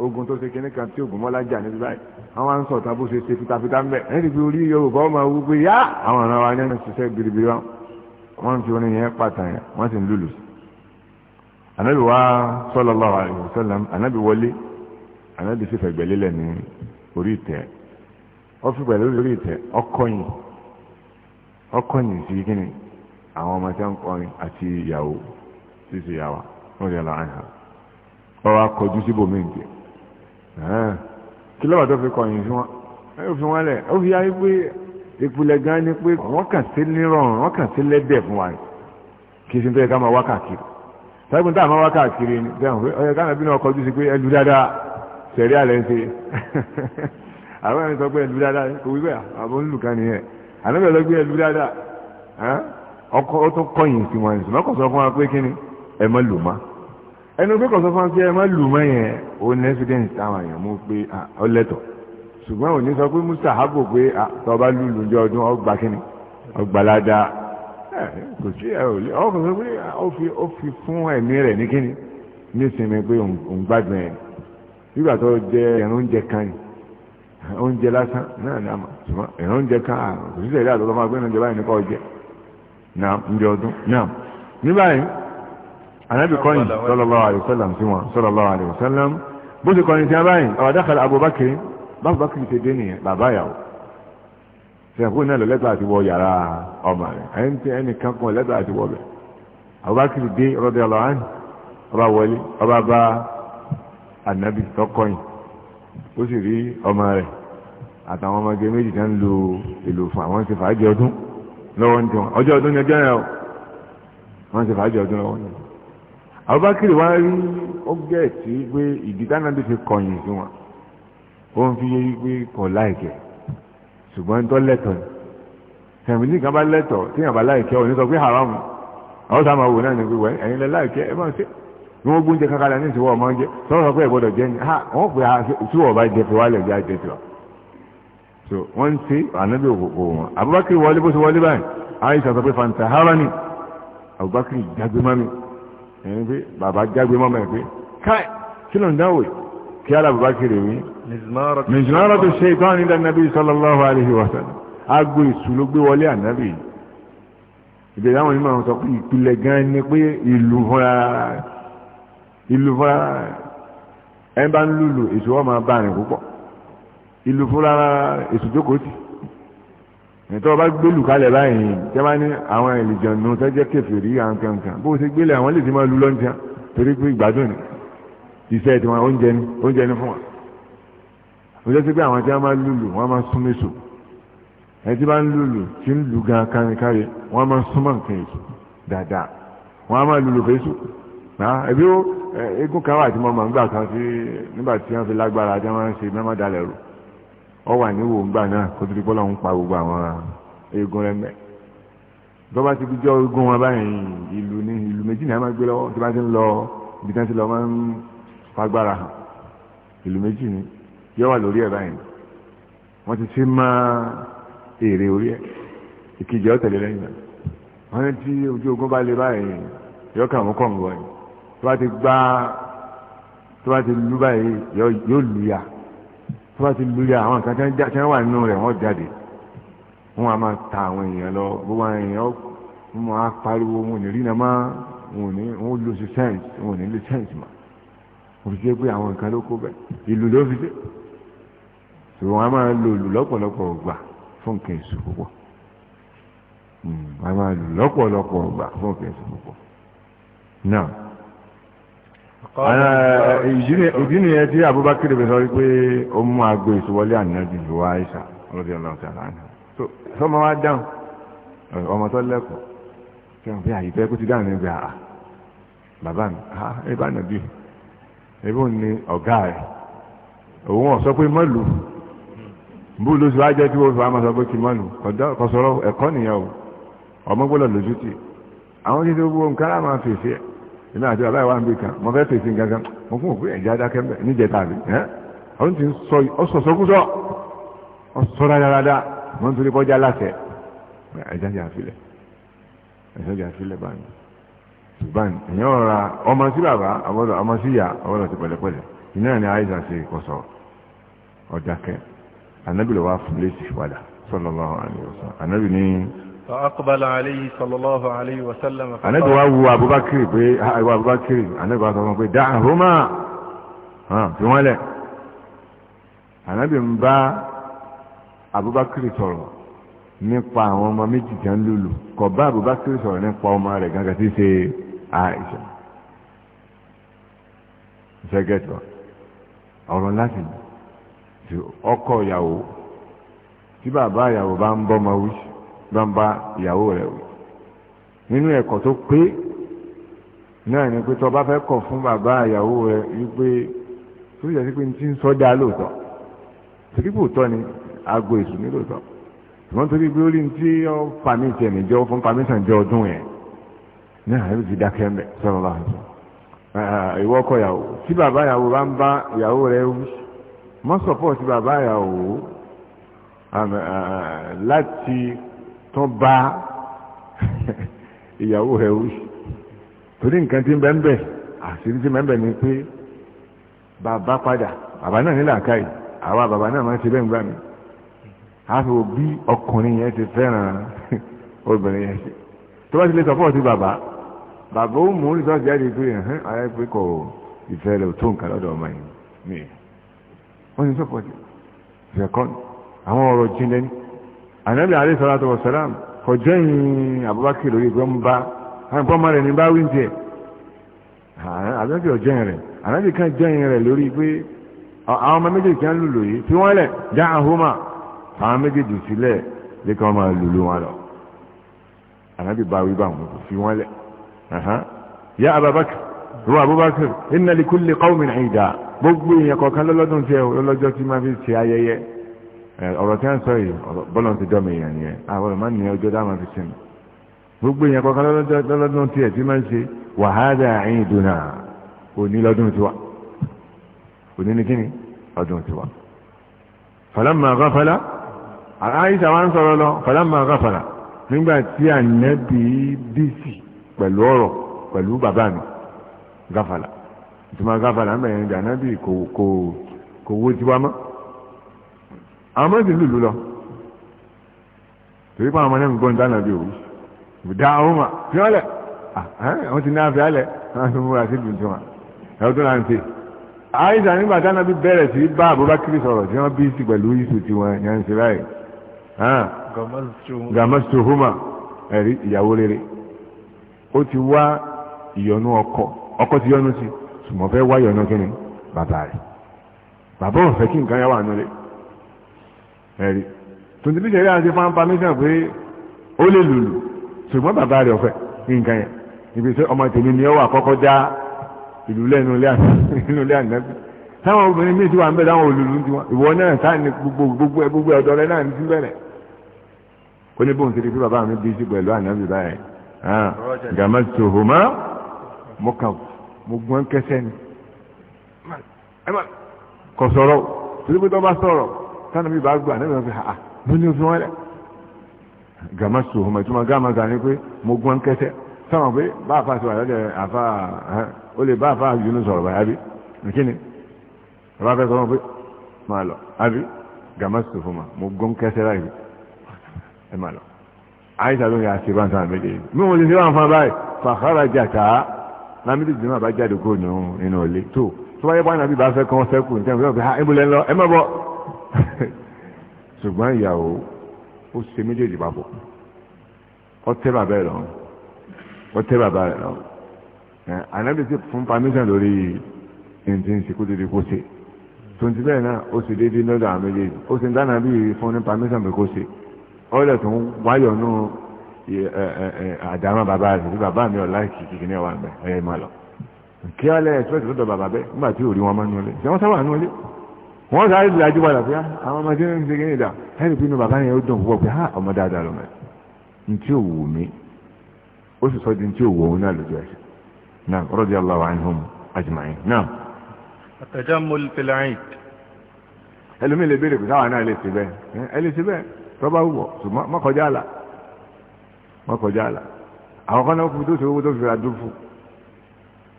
ogun tó ṣe kíní kan tí ògùnmọ́lá jà níbi báyìí àwọn à ń sọ ta bó ṣe ṣe fitafita ńbẹ ẹni tí fi orí yorùbá ọmọ wú pé yá àwọn ọ̀ràn wa ní ẹni ṣiṣẹ́ biribiri wọn wọ́n fi orin yẹn pàtàn yẹn wọ́n sì ń lùlù sí anabi wa sallallahu alayhi wa sallam anabi wọlé anabi sì fẹ̀gbẹ́ lélẹ̀ ní ọkọ̀ yìí sí kí ni àwọn ọmọ tí wọ́n ń kọrin àti ìyàwó sísè yàwá wọ́n yẹ lọ́wọ́ àyà ọwọ́ akọjú síbò méje kí lọ́wọ́ tó fi kọyìn sí wọn ó fi wọn lẹ̀ ó fi ayé pé ìpìlẹ̀ gan ni pé wọ́n kàn sí nírọ̀rùn wọ́n kàn sí lẹ́dẹ̀ fún wa kí sí tó yẹ ká máa wá káàkiri sẹ́gun tá a máa wá káàkiri ni bẹ́ẹ̀ pé ọ̀yẹ́ káàkiri bí náà kọjú sí pé ẹlú dáadáa sẹ̀rí àlẹ́ ń ṣe àwọn ẹni sọ pé ẹlú dáadáa kò wí bẹ́ẹ̀ àbọ̀ ńlù kan nìyẹn ànábẹ̀ lọ gbé ẹlú dáadáa ọkọ ó tún kọyìn sí wọn ṣùgbọ́n kò sọ fún wa pé kí ni ẹ má lù má ẹnu pé kò sọ fún wa pé ẹ má lù má yẹn ó ní ẹ́sídẹ́ǹtì táwọn èèyàn mú pé ọ lẹ́tọ̀ ṣùgbọ́n òní sọ pé musa habo pé tọba lùlù jọ ọdún ọgbà kí ni ọgbà ládàá kò sí ọkọ̀ sọ pé ó fi fún ẹ̀mí rẹ̀ ní kí ni nísìnyí pé òun gbádùn ẹ̀ nígbà tó jẹ ẹ̀rún jẹ kan yìí oúnjẹ lásán náà ní àmà ṣùgbọ́n ẹ̀rọ oúnjẹ kan àrùn kò sí tẹ̀lé àtọ́tọ́ máa gbé oúnjẹ báyìí nípa ọjẹ́ náà oúnjẹ ọdún náà ní báyìí anábì kọ́yìn sallallahu alaihi wasallam sí wọn sallallahu alaihi wasallam bó ti kọ́yìn sí wọn báyìí ọ̀rọ̀ dákàlà abubakar bábùbakar ti dé nìyẹn bàbá yàwó sẹ́kù náà lọ́lẹ́tà àti wọ yàrá ọmọ rẹ̀ ẹni tí ẹnì kan kún lẹ́tà àti wọ bẹ̀ abubakar dé radiyallahu anhu ọba wọlé ọba bá anábì tọkọyìn ó sì rí ọmọ rẹ̀ àtàwọn ọmọge méjì tán lu ìlú fún àwọn ti fàájì ọdún lọ́wọ́ ní tiwọn ọjọ́ ọdún ni ọjọ́ yẹn o wọ́n ti fàájì ọdún lọ́wọ́ ní. Abubakar wá rí ó gẹ̀ẹ́tì pé ìdí dáná tó fi kọ̀yìn sí wọn ó ń fi yé pé kọ̀ láìkẹ̀ ṣùgbọ́n tó lẹ́tọ̀ ni tẹ̀mí nìkan bá lẹ́tọ̀ téèyàn bá láìkẹ́ ò ní sọ pé haram àwọn sáà máa wò náà ní pé wẹ́ ẹ̀yin lẹ láìkẹ́ ẹ máa ṣe ní wọ́n gbóúnjẹ kankan lẹ́yìn tí wọ́n máa ń jẹ tọ́wọ́ sọ pé ẹ̀ gbọ́dọ̀ jẹ́ ni ha wọ́n pè á tí wọ́n bá jẹ tiwa lẹ̀ jẹ́ àjẹtiwa so wọ́n ń ṣe ànábì òkòkò wọn abubakar wọlé bó ṣe wọlé báyìí aisha sọ pé fantahara ni abubakar jágbe mami ẹni pé bàbá jágbe mami pé káì kí ló ń dáwò kí ala abubakar wí. mìsìlára tó ṣe ìtọ́ ànídà nàbí sallallahu alaihi wa sallam agbo ìṣù ló gbé wọlé ànábì ìbẹ̀rẹ̀ àwọn onímọ̀ sọ pé ìpìlẹ̀ gan ni pé ìlú fúnra ìlú fúnra ẹ bá ń lùlù èso ọmọ abárin púpọ̀ ìlú fúnra ìsùjókòtì nítorí ọba gbélù kalẹ̀ báyìí tẹ́ bá ní àwọn ìlìjọ̀nù tó jẹ́ kẹfìrí àǹkankan bó ṣe gbélé àwọn lè ti máa lu lọ́njà torí pé ìgbádùn ni iṣẹ́ tí wọn oúnjẹ ni oúnjẹ ni fún wa ó jẹ́ sí pé àwọn tí wọ́n máa lùlù wọ́n máa sún méso ẹni tí wọ́n lùlù tí ń lù gan kárikári wọ́n máa súnmọ́ nǹkan èso dáadáa wọ́n á máa lùlù fèsù ẹbí ó eégún kan wà tí mo mọ̀ nígbà kan tí nígbà tí ọ wà ní wòǹgbà náà kó tó di bọ́lá ń pa gbogbo àwọn eegun rẹ mẹ́ tó bá ti fi jọ eegun wọn báyìí ìlú ní ìlú méjì ní a máa gbé lọ́wọ́ tó bá ti ń lọ ibi tí wọ́n ti lọ máa ń fagbára hàn ìlú méjì ní yóò wà lórí ẹ̀ báyìí wọ́n ti ṣe máa èrè orí ẹ̀ ìkejì ọ̀tẹ̀lẹ̀ lẹ́yìn náà wọ́n ní tí ojú ogun bá lè báyìí yóò kà mú kọ̀ǹgọ̀ yìí tó bá ti gbá tó bá ti lú báyìí yóò lù yà tó bá ti lórí àwọn nǹkan tí wọ́n wà nínú rẹ̀ wọ́n jáde wọ́n á máa ta àwọn èèyàn lọ gbogbo àwọn èèyàn wọ́n máa pariwo wọn ò ní rí nàmá wọn ò ní wọ́n lose sense wọn ò ní lose sense mà wọ́n fi ṣe pé àwọn nǹkan ló kó bẹ́ẹ̀ ìlú ló fi ṣe ṣùgbọ́n wọ́n á máa lo ìlú lọ́pọ̀lọpọ̀ ọgbà fún nǹkan èso púpọ̀ hmm, wọ́n á máa lo lọ́pọ̀lọpọ̀ ọgbà fún nǹkan èso púpọ̀ náà ìdí nìyẹn tí Abubakar bẹ sọ wípé ó mú agbo ìṣòwọlé ànábì ju Aisha lọ́dí ọlọ́ọ̀tà lánàá sọmọ wa dáhùn ọmọ tó lẹ́kọ̀ọ́ tí wọ́n fi àyè fẹ́ kó ti dáhùn níbi àá ah, bàbá mi ha ah, ẹbí ànàbí ẹbí òun ni ọ̀gá rẹ̀ òun ọ̀sọ́ pé mọ́lù bú ló sọ ajẹ́ tí wọ́n fi àmọ́ sọ pé kí mọ́lù kọ̀sọ̀rọ̀ ẹ̀kọ́ nìyẹn o ọmọ gbọ́dọ̀ lójú tì àwọn tí tó gbogbo nǹkan á máa fèsì ẹ̀ èmi àti bàbá ìwà ń bì kan mo fẹ́ fèsì gangan mo fún òkú ẹ̀já dákẹ́ mbẹ́ níjẹta mi ẹ́ ọ̀run ti ń sọ ọ̀sọ̀sọ̀kúsọ̀ ọ̀sọ̀ rárára mo ń torí kọjá láṣẹ ẹ̀já jà filẹ̀ ẹ̀já jà filẹ̀ báyìí ṣùgbọ́n èèyàn ọ̀ra ọmọ sí bàbá ọmọdọ̀ ọmọ sí ìyá ọmọdọ̀ ti pẹ̀lẹ́pẹ̀lẹ́ iná ni àìsàn ṣe kọ̀sọ̀ ọ̀dàkẹ́ anábìlẹ̀ wa fún lẹ́sì padà sallallahu alaihi wasallam anábì ní فأقبل عليه صلى الله عليه وسلم أندوا أبو أبو بكر بي أبو دعهما ها في أنا بمبا أبو بكر صلى nípa àwọn ọmọ méjì tí ń lùlù kò bá Abu Bakr sọ̀rọ̀ nípa ọmọ rẹ̀ gángan tí ṣe Àìṣà ṣẹ́gẹ̀tọ̀ ọ̀rọ̀ láti ọkọ ìyàwó tí bàbá ìyàwó bá ń bọ́ ọmọ wíṣì bá ń bá ìyàwó rẹ̀ wò nínú ẹ̀kọ́ tó pé náà ni pé tó bá fẹ́ kọ̀ fún bàbá ìyàwó rẹ̀ wípé tó yẹ sí pé ti ń sọ́jà lóòótọ́ tìrìbù tọ́ ni aago èṣù ní lóòótọ́ ṣùgbọ́n torí pé ó rí ti ọ́ pàmìtì ẹ̀ níjọ́ fún pàmìtàn jẹ́ ọdún yẹn náà ẹ̀ ti dákẹ́ ń bẹ̀ sọ́nà bá sọ ìwọ ọkọ ìyàwó tí bàbá ìyàwó bá ń bá ìyàwó rẹ̀ wí mọ́ tí bàbá ìyàwó láti tó bá ìyàwó rẹ̀ wí torí nǹkan tí ń bẹ́ ń bẹ̀ àṣírí tí ń bẹ́ ń bẹ̀ ni pé bàbá padà bàbá náà nílà káyì àwa bàbá náà máa ń ṣe bẹ́ẹ̀ ń gbà mí a fi wò bí ọkùnrin yẹn ti fẹ́ràn obìnrin yẹn ṣe tó bá ti lè sọ́pọ̀ sí bàbá bàbá ó mú rìsọ́ọ̀sì jáde pé ẹ̀hán ara pé kò ìfẹ́ rẹ̀ tó nǹkan lọ́dọ̀ ọmọ yìí wọ́n ti sọ́pọ̀ sí ìfẹ́ kọ́ni àwọn ọ̀rọ̀ jinlẹ̀ ni ànábì alayhi salatu wa salam kọjọ́ yìí Abubakar lórí ìgbọ́n bá àgbọ́n mọ́ rẹ̀ ní bá wí jẹ́ ànábì ọjọ́ yìí rẹ̀ ànábì kan jẹ́ yìí rẹ̀ lórí pé àwọn ọmọ méjèèjì kan lùlù yìí tí wọ́n lẹ̀ dá àhómà àwọn méjèèjì sílẹ̀ lé kí wọ́n máa lùlù wọn lọ ànábì bá wí bá wọn kò fi wọn lẹ̀ yá Abubakar ruwa Abubakar inna li kulli qawmin Eh, ọ̀rọ̀ tí a ń sọ yìí bọ́lọ̀ ti dọ́mọ èèyàn yẹn àwọn ọ̀rọ̀ máa ń ní ọjọ́ dáhùn ti sinmi gbogbo èèyàn kọ̀ọ̀kan lọ́dún tiẹ̀ tí máa ń ṣe wàhálà àyìn ìdùnnà òní lọ́dún tiwa òní ní kíni ọdún tiwa. falamma ghafala àyíṣà wa ń sọ̀rọ̀ lọ falamma ghafala nígbà tí ànẹ́bí bísì pẹ̀lú ọ̀rọ̀ pẹ̀lú bàbá mi ghafala ìtumọ̀ ghafala mẹ́rin ìjà ànẹ́bí àwọn mọ́sí lùlù lọ torí pé àwọn ọmọ náà ń gbọ́n dáná bí òwú ìdá àwọn ọmọ fi wọ́n lẹ̀ àwọn ah, ti ní afẹ́ alẹ̀ àwọn tó múra sí lùlù tí wọn ẹ̀rọ tó náà ń ṣe àìsàn nígbà dáná bí bẹ̀rẹ̀ sí bá Abubakar sọ̀rọ̀ tí wọ́n bí sí pẹ̀lú isu tí wọ́n yàn ń ṣe báyìí ah, gàmọ́sítò húmà ẹ̀rí ìyàwó rere ó ti wá ìyọnu ọkọ ọkọ ti yọnu sí ṣùgbọ́n fẹ́ wá ìyọnu kí ni bàbá rẹ̀ bàbá òun fẹ́ kí nǹkan yà wà nílé ẹ̀rí tuntun bí sẹ́rí àti fáńpá mísàn pé ó lè lùlù ṣùgbọ́n bàbá rẹ̀ ọ̀fẹ́ nǹkan yẹn ibi sẹ́ ọmọ tèmi ni ó wà kọ́kọ́ já ìlú lẹ́nu ilé ànábì táwọn obìnrin míì ti wà ń bẹ̀rẹ̀ àwọn olùlù ti wọn ìwọ náà sáà ní gbogbo gbogbo ọ̀dọ́ rẹ náà ti bẹ̀rẹ̀ ó ní bóun ti di pé bàbá mi bí sí pẹ̀lú ànábì báyìí gàmà tòhùmá mo kà mo gbọ́n kẹsẹ́ ni kò sọ̀rọ̀ torí pé tó bá sọ̀rọ̀ tánà bí bá gbà níbi wọn fi hà mo ní òfin wọn lẹ gàmà sòhùn mọ ìtumọ̀ gàmà gà ni pé mo gbọ́n kẹsẹ̀ sáwọn pé bá a fa sọ àlọ́dẹ àfa ó lè bá a fa yunú sọ̀rọ̀ báyìí àbí nkíni bàbá fẹ́ sọ wọn pé máa lọ àbí gàmà sòhùn mọ mo gbọ́n kẹsẹ̀ láyé ẹ máa lọ àyíṣà ló ń yà ṣe bá ń sáà méjèèjì bí mo ti ṣe bá fàkàrà jàtà lámìdí jùlọ àbájáde kò nù inú ilé tó tó wáyé báyìí nàbí bá fẹ́ kàn fẹ́ kù nítorí pé ha ah, ibùlẹ̀ ńlọ ẹ má bọ̀ ṣùgbọ́n ìyàwó ó ṣe méjèèjì papọ̀ ó tẹ́ bàbá ẹ̀ lọ́wọ́ ó tẹ́ bàbá ẹ̀ lọ́wọ́ ànábì ti fún pàmíṣàn lórí ìǹtìǹsì kó dédé kó ṣe tonti bẹ́ẹ̀ náà ó sì dédé lọ́dọ̀ àwọn méjèèjì ó sì ń dáná bí fún ní pàmíṣàn pé kó ṣe ó lẹ̀ tún wáyọ̀ nù àdámà bàbá rẹ̀ sí bàbá mi ọ̀la kìkì ní ọ̀wà ẹ̀ máa lọ kí á lẹ́ ẹ̀ṣẹ́ ìtọ́jọ́ bàbá bẹ́ẹ̀ nígbà tí ò rí wọn máa nulẹ̀ ṣé wọ́n sábà nulẹ̀ wọ́n sáré ti lajú padà ah, àwọn ọmọdé ń ṣe kéde dà pinnu bàbá yẹn ó dùn púpọ̀ ha ah, ọmọ dáadáa lọ́mọ ẹ̀ ntí ò wù mí ó sì sọ di ntí ò wù òun náà lójú ẹsẹ̀ náà náà. lè béèrè náà lè ṣe bẹ́ẹ̀ ẹ lè ṣe bẹ́ẹ̀ tọ́ba wù àlà àlà àwọn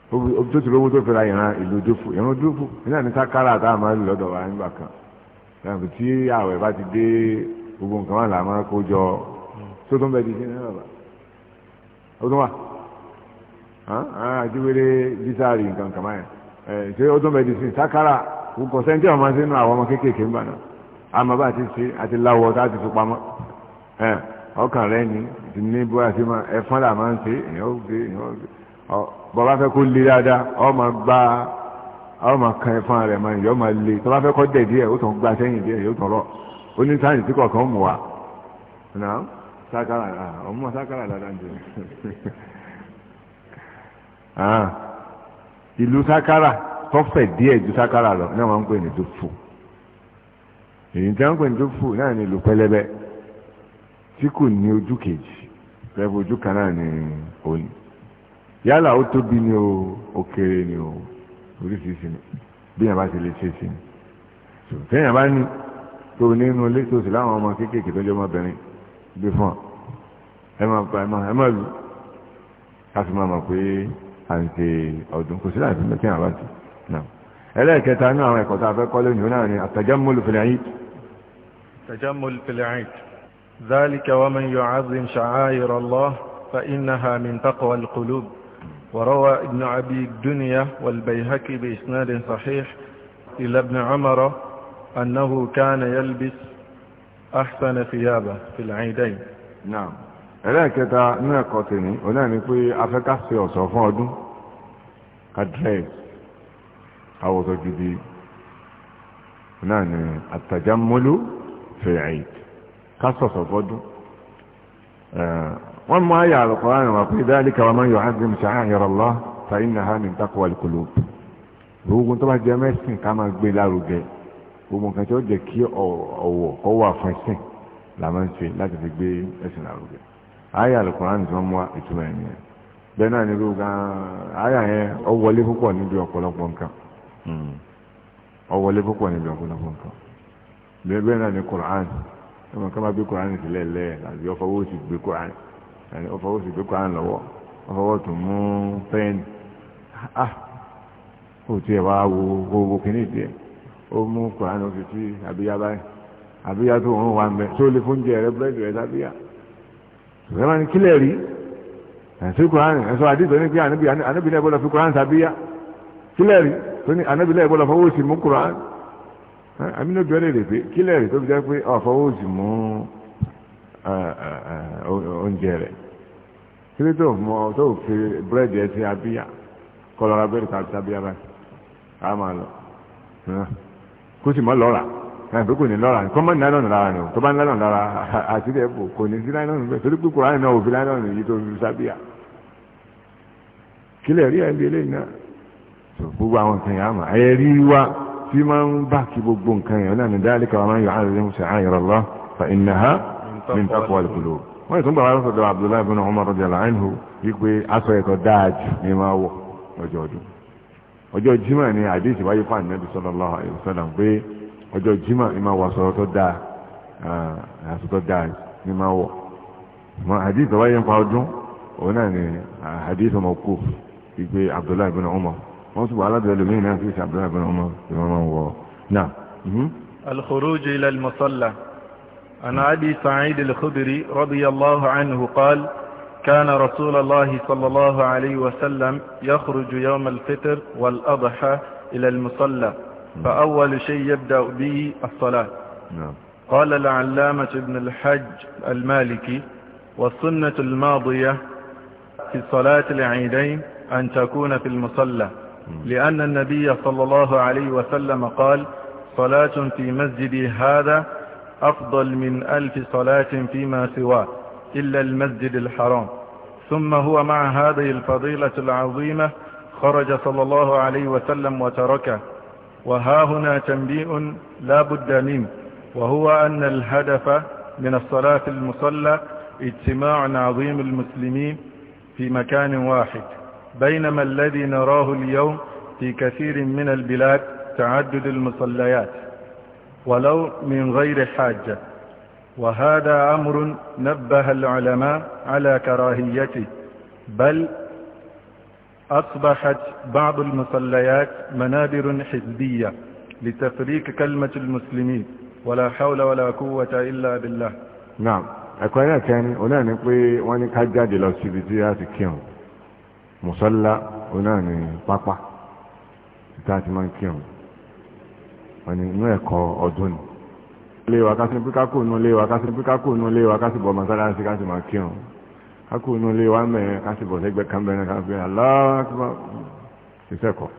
tó ti lówó tó fẹ́ra ìran ìlú dúfù ìran dúfù nígbà ní sákàrà tá a máa ń lò lọ́dọ̀ wa nígbà kan láàbù tí àwẹ̀ bá ti dé gbogbo nǹkan wà láà máa tó tó ń bẹ di sí náírà bá ó tó wà àti wéré bísàárì nǹkan kàmá yẹn ṣé ó tó ń bẹ di sí sákàrà kò sẹ́ńtì ọ̀ma sínú àwọn ọmọ kéékèèké ń bà náà àmọ́ bá ti ṣe àti láwọ̀ tá ti fi pamọ́ ọkàn rẹ ni ìdílé bó bọ́bá fẹ́ kó le dáadáa ọ máa gbá ọ máa kan ẹ̀fọn rẹ̀ máa yọ máa le tọ́ba fẹ́ kọ́ dẹ̀ díẹ̀ ó tàn gba sẹ́yìn díẹ̀ yóò tọ̀rọ̀ ó ní sáyẹn tí kọ̀ọ̀kan mú wa náà sákàrà ọmọ sákàrà dáadáa jẹ ìlú sákàrà tọ́fẹ̀ díẹ̀ ju sákàrà lọ náà wọ́n ń pè ní tó fò èyí tí wọ́n ń pè ní tó fò náà ní ìlú pẹlẹbẹ tí kò ní ojú kejì rẹ ojú kan náà ní òní yálà ó tóbi ni o òkèrè ni o oríṣiríṣi ni bí yẹn bá ti lè ṣe sí ni tẹ́yìn bá ní tó nínú ilé tó sì láwọn ọmọ kéékèèké tó jẹ́ ọmọbìnrin gbé fún ọ ẹ máa pa ẹ máa ẹ máa lù ká sì máa mọ̀ pé à ń ṣe ọdún kò sí láti mẹ́tẹ́yìn àbá ti nà ẹlẹ́ẹ̀kẹta ní àwọn ẹ̀kọ́ tá a fẹ́ kọ́ lónìí náà ni àtàjámọ́lù fil Eid. àtàjámọ́lù fil Eid. zalika wa man yu'azzim sha'air Allah fa innaha min taqwa al-qulub. وروى ابن ابي الدنيا والبيهكي بإسناد صحيح إلى ابن عمر أنه كان يلبس أحسن ثيابه في العيدين نعم لكن من قتني ولا نقول أفكا سيوسا فاضو كدريس أو تجدي نعم التجمل في العيد كسوسا wọ́n mú àyà Al-Qur'an wà pé wa man yu'azzim sha'a'ira Allah fa innaha min taqwal qulub gbogbo tó bá jẹ mẹ́sìn ká máa gbé lárugẹ gbogbo nǹkan tí ó jẹ kí ọ̀wọ̀ kọ́ wà fún ẹ̀sìn la máa ń ṣe láti fi gbé ẹ̀sìn lárugẹ àyà Al-Qur'an tí ya. mú ìtumọ̀ ẹ̀ nìyẹn ni ló gan àyà ẹni ó fọwọ́ sí pé kwan lọ́wọ́ tó mú pẹ́ẹ́nì ah ó tiẹ̀ wá wo gbogbo kìíní tiẹ̀ ó mú kwan ó fi sí àbíyá báyìí àbíyá tó ń wà mẹ́ tó lè fóúnjẹ rẹ búrẹ́dì rẹ sábíyá ṣùgbọ́n máa kílẹ̀ rí ẹ̀sìn kwan ẹ̀sọ́ àdìsọ́ ní pé ànábì náà fi kwan sábíyá kílẹ̀ rí tó ní ànábì fọwọ́ sí mú kwan àmì náà dúró lè pé kílẹ̀ rí tó fi jẹ́ pé ọ̀fọwọ́ sí mú oúnjẹ rẹ̀ kí ló tó mọ tó fi búrẹ́dì ẹ ti abíyá kọlọ́ra bẹ́ẹ̀ ká ti abíyá báyìí á máa lọ kó sì mọ́ lọ́ra àìpé kò ní lọ́ra kọ́ mọ́ ní láìlọ́nù lára ni o tó bá ní láìlọ́nù lára àti ilẹ̀ ẹ̀bù kò ní sí láìlọ́nù bẹ́ẹ̀ torí pé kòránì náà ò fi láìlọ́nù yìí tó fi sábíyà kílẹ̀ rí ẹ̀bí eléyìí náà tó gbogbo àwọn nǹkan yẹn àmà ẹ̀ rí wa tí máa ń bá kí gbogbo nǹkan yẹn náà ní dáálíkà wa máa ń yọ àyọ̀rọ̀ lọ fa innaha min taqwa al-qulub wọ́n ìtún bàbá lọ́sọ̀dọ̀ Abdullahi bin Umar radiyallahu anhu wípé aṣọ ẹ̀tọ́ dáàjù ní máa wọ̀ ọjọ́ ọdún ọjọ́ jimá ni àdéhìí wáyé fún ànábì sallallahu alaihi wasallam pé ọjọ́ jimá ni máa wọ aṣọ tó dáa aṣọ tó dáa ni máa wọ̀ mọ àdéhìí wáyé ń pa ọdún òun náà ni àdéhìí ọmọ kú wípé Abdullahi bin Umar wọ́n sì wọ عن أبي سعيد الخدري رضي الله عنه قال كان رسول الله صلى الله عليه وسلم يخرج يوم الفطر والأضحى إلى المصلى فأول شيء يبدأ به الصلاة نعم. قال العلامة ابن الحج المالكي والسنة الماضية في صلاة العيدين أن تكون في المصلى لأن النبي صلى الله عليه وسلم قال صلاة في مسجدي هذا أفضل من ألف صلاة فيما سواه إلا المسجد الحرام ثم هو مع هذه الفضيلة العظيمة خرج صلى الله عليه وسلم وتركه وها هنا تنبيه لا بد منه وهو أن الهدف من الصلاة المصلى اجتماع عظيم المسلمين في مكان واحد بينما الذي نراه اليوم في كثير من البلاد تعدد المصليات ولو من غير حاجة وهذا أمر نبه العلماء على كراهيته بل أصبحت بعض المصليات منابر حزبية لتفريق كلمة المسلمين ولا حول ولا قوة إلا بالله نعم ẹ̀kọ́ ẹ̀yà kẹrin onáà ní pé wọ́n ní ká كيون مصلى síbi tí تاتي من كيون wọ́n ní inú ẹ̀kọ́ ọdún ni ilé wa kásìn pé kákò inú ilé wa kásìn pé kákò inú ilé wa kásìn bọ̀ mọ́sálásí kásìn máa kírun kákò inú ilé wa mẹ́rin kásìn bọ̀ lẹ́gbẹ́ kan bẹ́ẹ̀ kan bẹ́ẹ̀ aláàkúmá ìṣẹ́kọ̀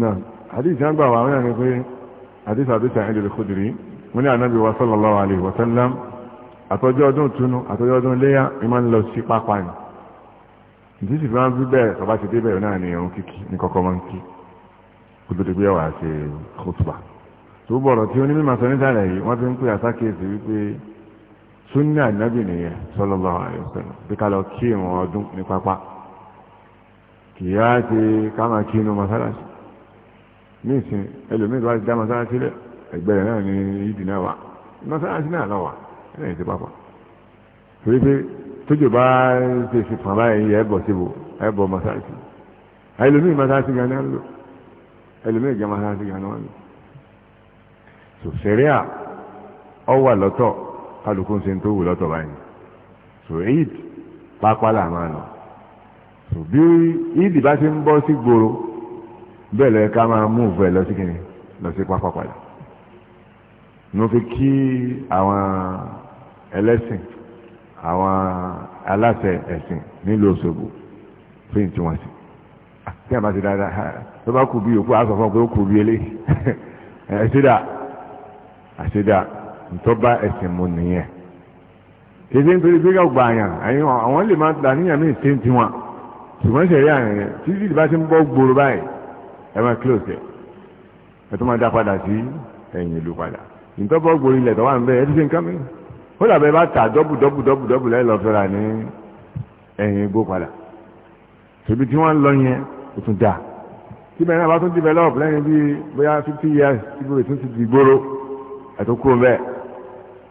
náà àdìsí àgbà wa wọ́n yà ní pé àdìsí àdìsí àyẹ̀dẹ̀ lè kódìrí wọ́n ní ànábì wa sallallahu alaihi wa sallam àtọ́jọ́ ọdún túnú àtọ́jọ́ ọdún léyà ìmọ̀ ń lọ sí pápá ni ìdí sì fi máa ń bí bẹ́ẹ̀ tọ́ba ti dé bẹ́ẹ̀ náà ni òun kìkì ní kọ́kọ́ máa ń kí kó tó di pé ọ̀wà ṣe kótóbà tó bọ̀rọ̀ tí onímọ̀ sọ nísàlẹ̀ yìí wọ́n fi ń pè àsákèésí wípé súnà ànábì nìyẹn sallallahu alaihi wasallam bí ká lọ kí ìwọ̀n ọdún ní pápá kì í á ti ká máa kí inú mọ́sálásí ní ìsìn ẹlòmíì bá ti dá mọ́sálásí lẹ̀ ẹgbẹ́ rẹ̀ náà ní ìdì náà wà mọ́sálásí náà lọ wà ẹ̀yìn ti pápá torí pé tójò bá ṣe fìfàn báyìí ẹ̀bọ̀ síbò ẹ̀bọ̀ mọ́sálásí ẹlòmíì mọ́sálásí gan-an lò ẹlòmíì jẹ́ mọ́sálásí so ọ wà lọ́tọ̀ kálukú ń ṣe tó wù lọ́tọ̀ báyìí so eid pápá ma máa lọ so eid bá ti ń bọ́ sí gbòòrò bẹ́ẹ̀ lọ́yẹ ká máa mú ìfọ̀ lọ sí kìnnì lọ sí ní o fi kí àwọn ẹlẹ́sìn àwọn aláṣẹ ẹ̀sìn nílùú fún tó bá kù bí òkú àá sọ fún ọ pé ó kù bí eléyìí àṣìdá àṣìdá ntọ́ba ẹ̀sìn mu nìyẹn kìí nítorí pé ká gba àyàn àyàn àwọn lè máa dà níyàn míì ṣe ń tiwọn ṣùgbọ́n ṣẹ̀rí àyàn yẹn tí títí bá ti ń bọ́ gbòòrò báyìí ẹ máa close ẹ̀ ẹ tó máa dá padà sí ẹ̀yìn ìlú padà ntọ́bọ̀ gbòòrò ilẹ̀ tó wà ń bẹ ẹ ti ṣe nǹkan mi ó dàbẹ̀ bá ta dọ́bù dọ́bù dọ́bù dọ́bù lẹ́yìn lọ fẹ́ra ní ẹ̀yìn igbó padà tòbí tí wọ́n lọ yẹn ó tún dáa síbẹ̀ náà bá tún develop lẹ́yìn bíi bóyá fifty years síbi rẹ̀ tún ti di gbóró ẹ̀tún kú bẹ́ẹ̀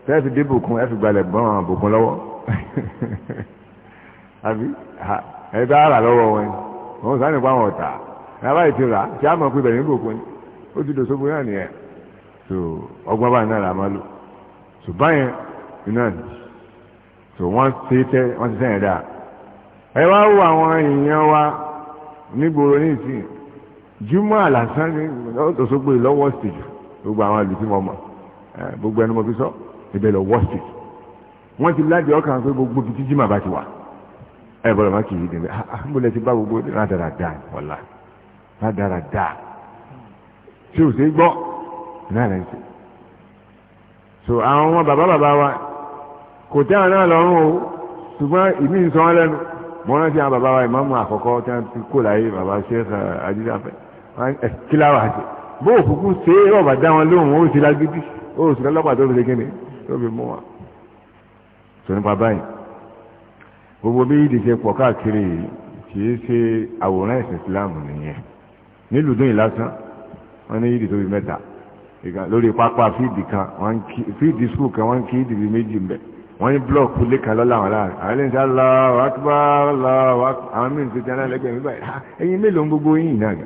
fẹ́ẹ́ fi dé bùkún ẹ̀ fi gbalẹ̀ bọ́n àwọn bùkún lọ́wọ́ àbí ẹ̀ bá rà lọ́wọ́ wọn wọn sáré pa àwọn ọ̀tà ẹ̀ bá ti rà kí á mọ̀ pé bẹ̀rẹ̀ ní bùkún ni ó ti dòṣogbo náà nìyẹn tó ọgbọ́n báyìí náà là máa lò tó báyẹn iná ni tó wọ́n ti wọ́n ti sẹ́yìn dáa ẹ wá wo àwọn èèyàn wa nígboro ní jimọ́ àlàsán ní ọ̀tọ̀sọ́gbò ìlọ́ wọ́stìjì gbogbo àwọn àlùtí mọ́ mọ́ gbogbo ẹnu mọ́ fi sọ ibẹ̀ lọ wọ́stìjì wọ́n ti ládìí ọkàn pé gbogbo bíi jíjìmọ̀ bá ti wà ẹ bọ̀dọ̀ má kì í dìbẹ̀ àbúlẹ̀ ah, ah, ti bá gbogbo rádaràdà wọ̀lá rádaràdà tí ò sí gbọ́ náà lẹ́yìn sí. so àwọn ọmọ bàbá bàbá wa kò tẹ́ àwọn náà lọ́rùn o ṣùgbọ́n ìmí ń sọ wọn lẹ́nu mọ́ rántí àwọn bàbá wa ìmọ̀ọ́mù àkọ́kọ́ tí wọ́n ti kó láyé bàbá Sheikh eh, Adídàfẹ́ kíláwà àti bó òkúkú ṣe é ọ̀bà dá wọn lóhùn ó sì lágídí ó sì lọ́lọ́pàá tó fi ṣe kíni tó fi mú wọn. sọ nípa báyìí gbogbo bí ìdí ṣe pọ̀ káàkiri yìí kì í ṣe àwòrán ẹ̀sìn Islam nìyẹn nílùú dún ìlásán wọn ní ìdí tó fi mẹ́ta lórí pápá fíìdì kan fíìdì skul kan wọ́n kí ìdí fi méjì ń bẹ̀ wọ́n ní blọ́ọ̀kù léka lọ́la wọn láàrin àwọn ilé iṣẹ́ aláwọ̀ akíbá aláwọ̀ àwọn mí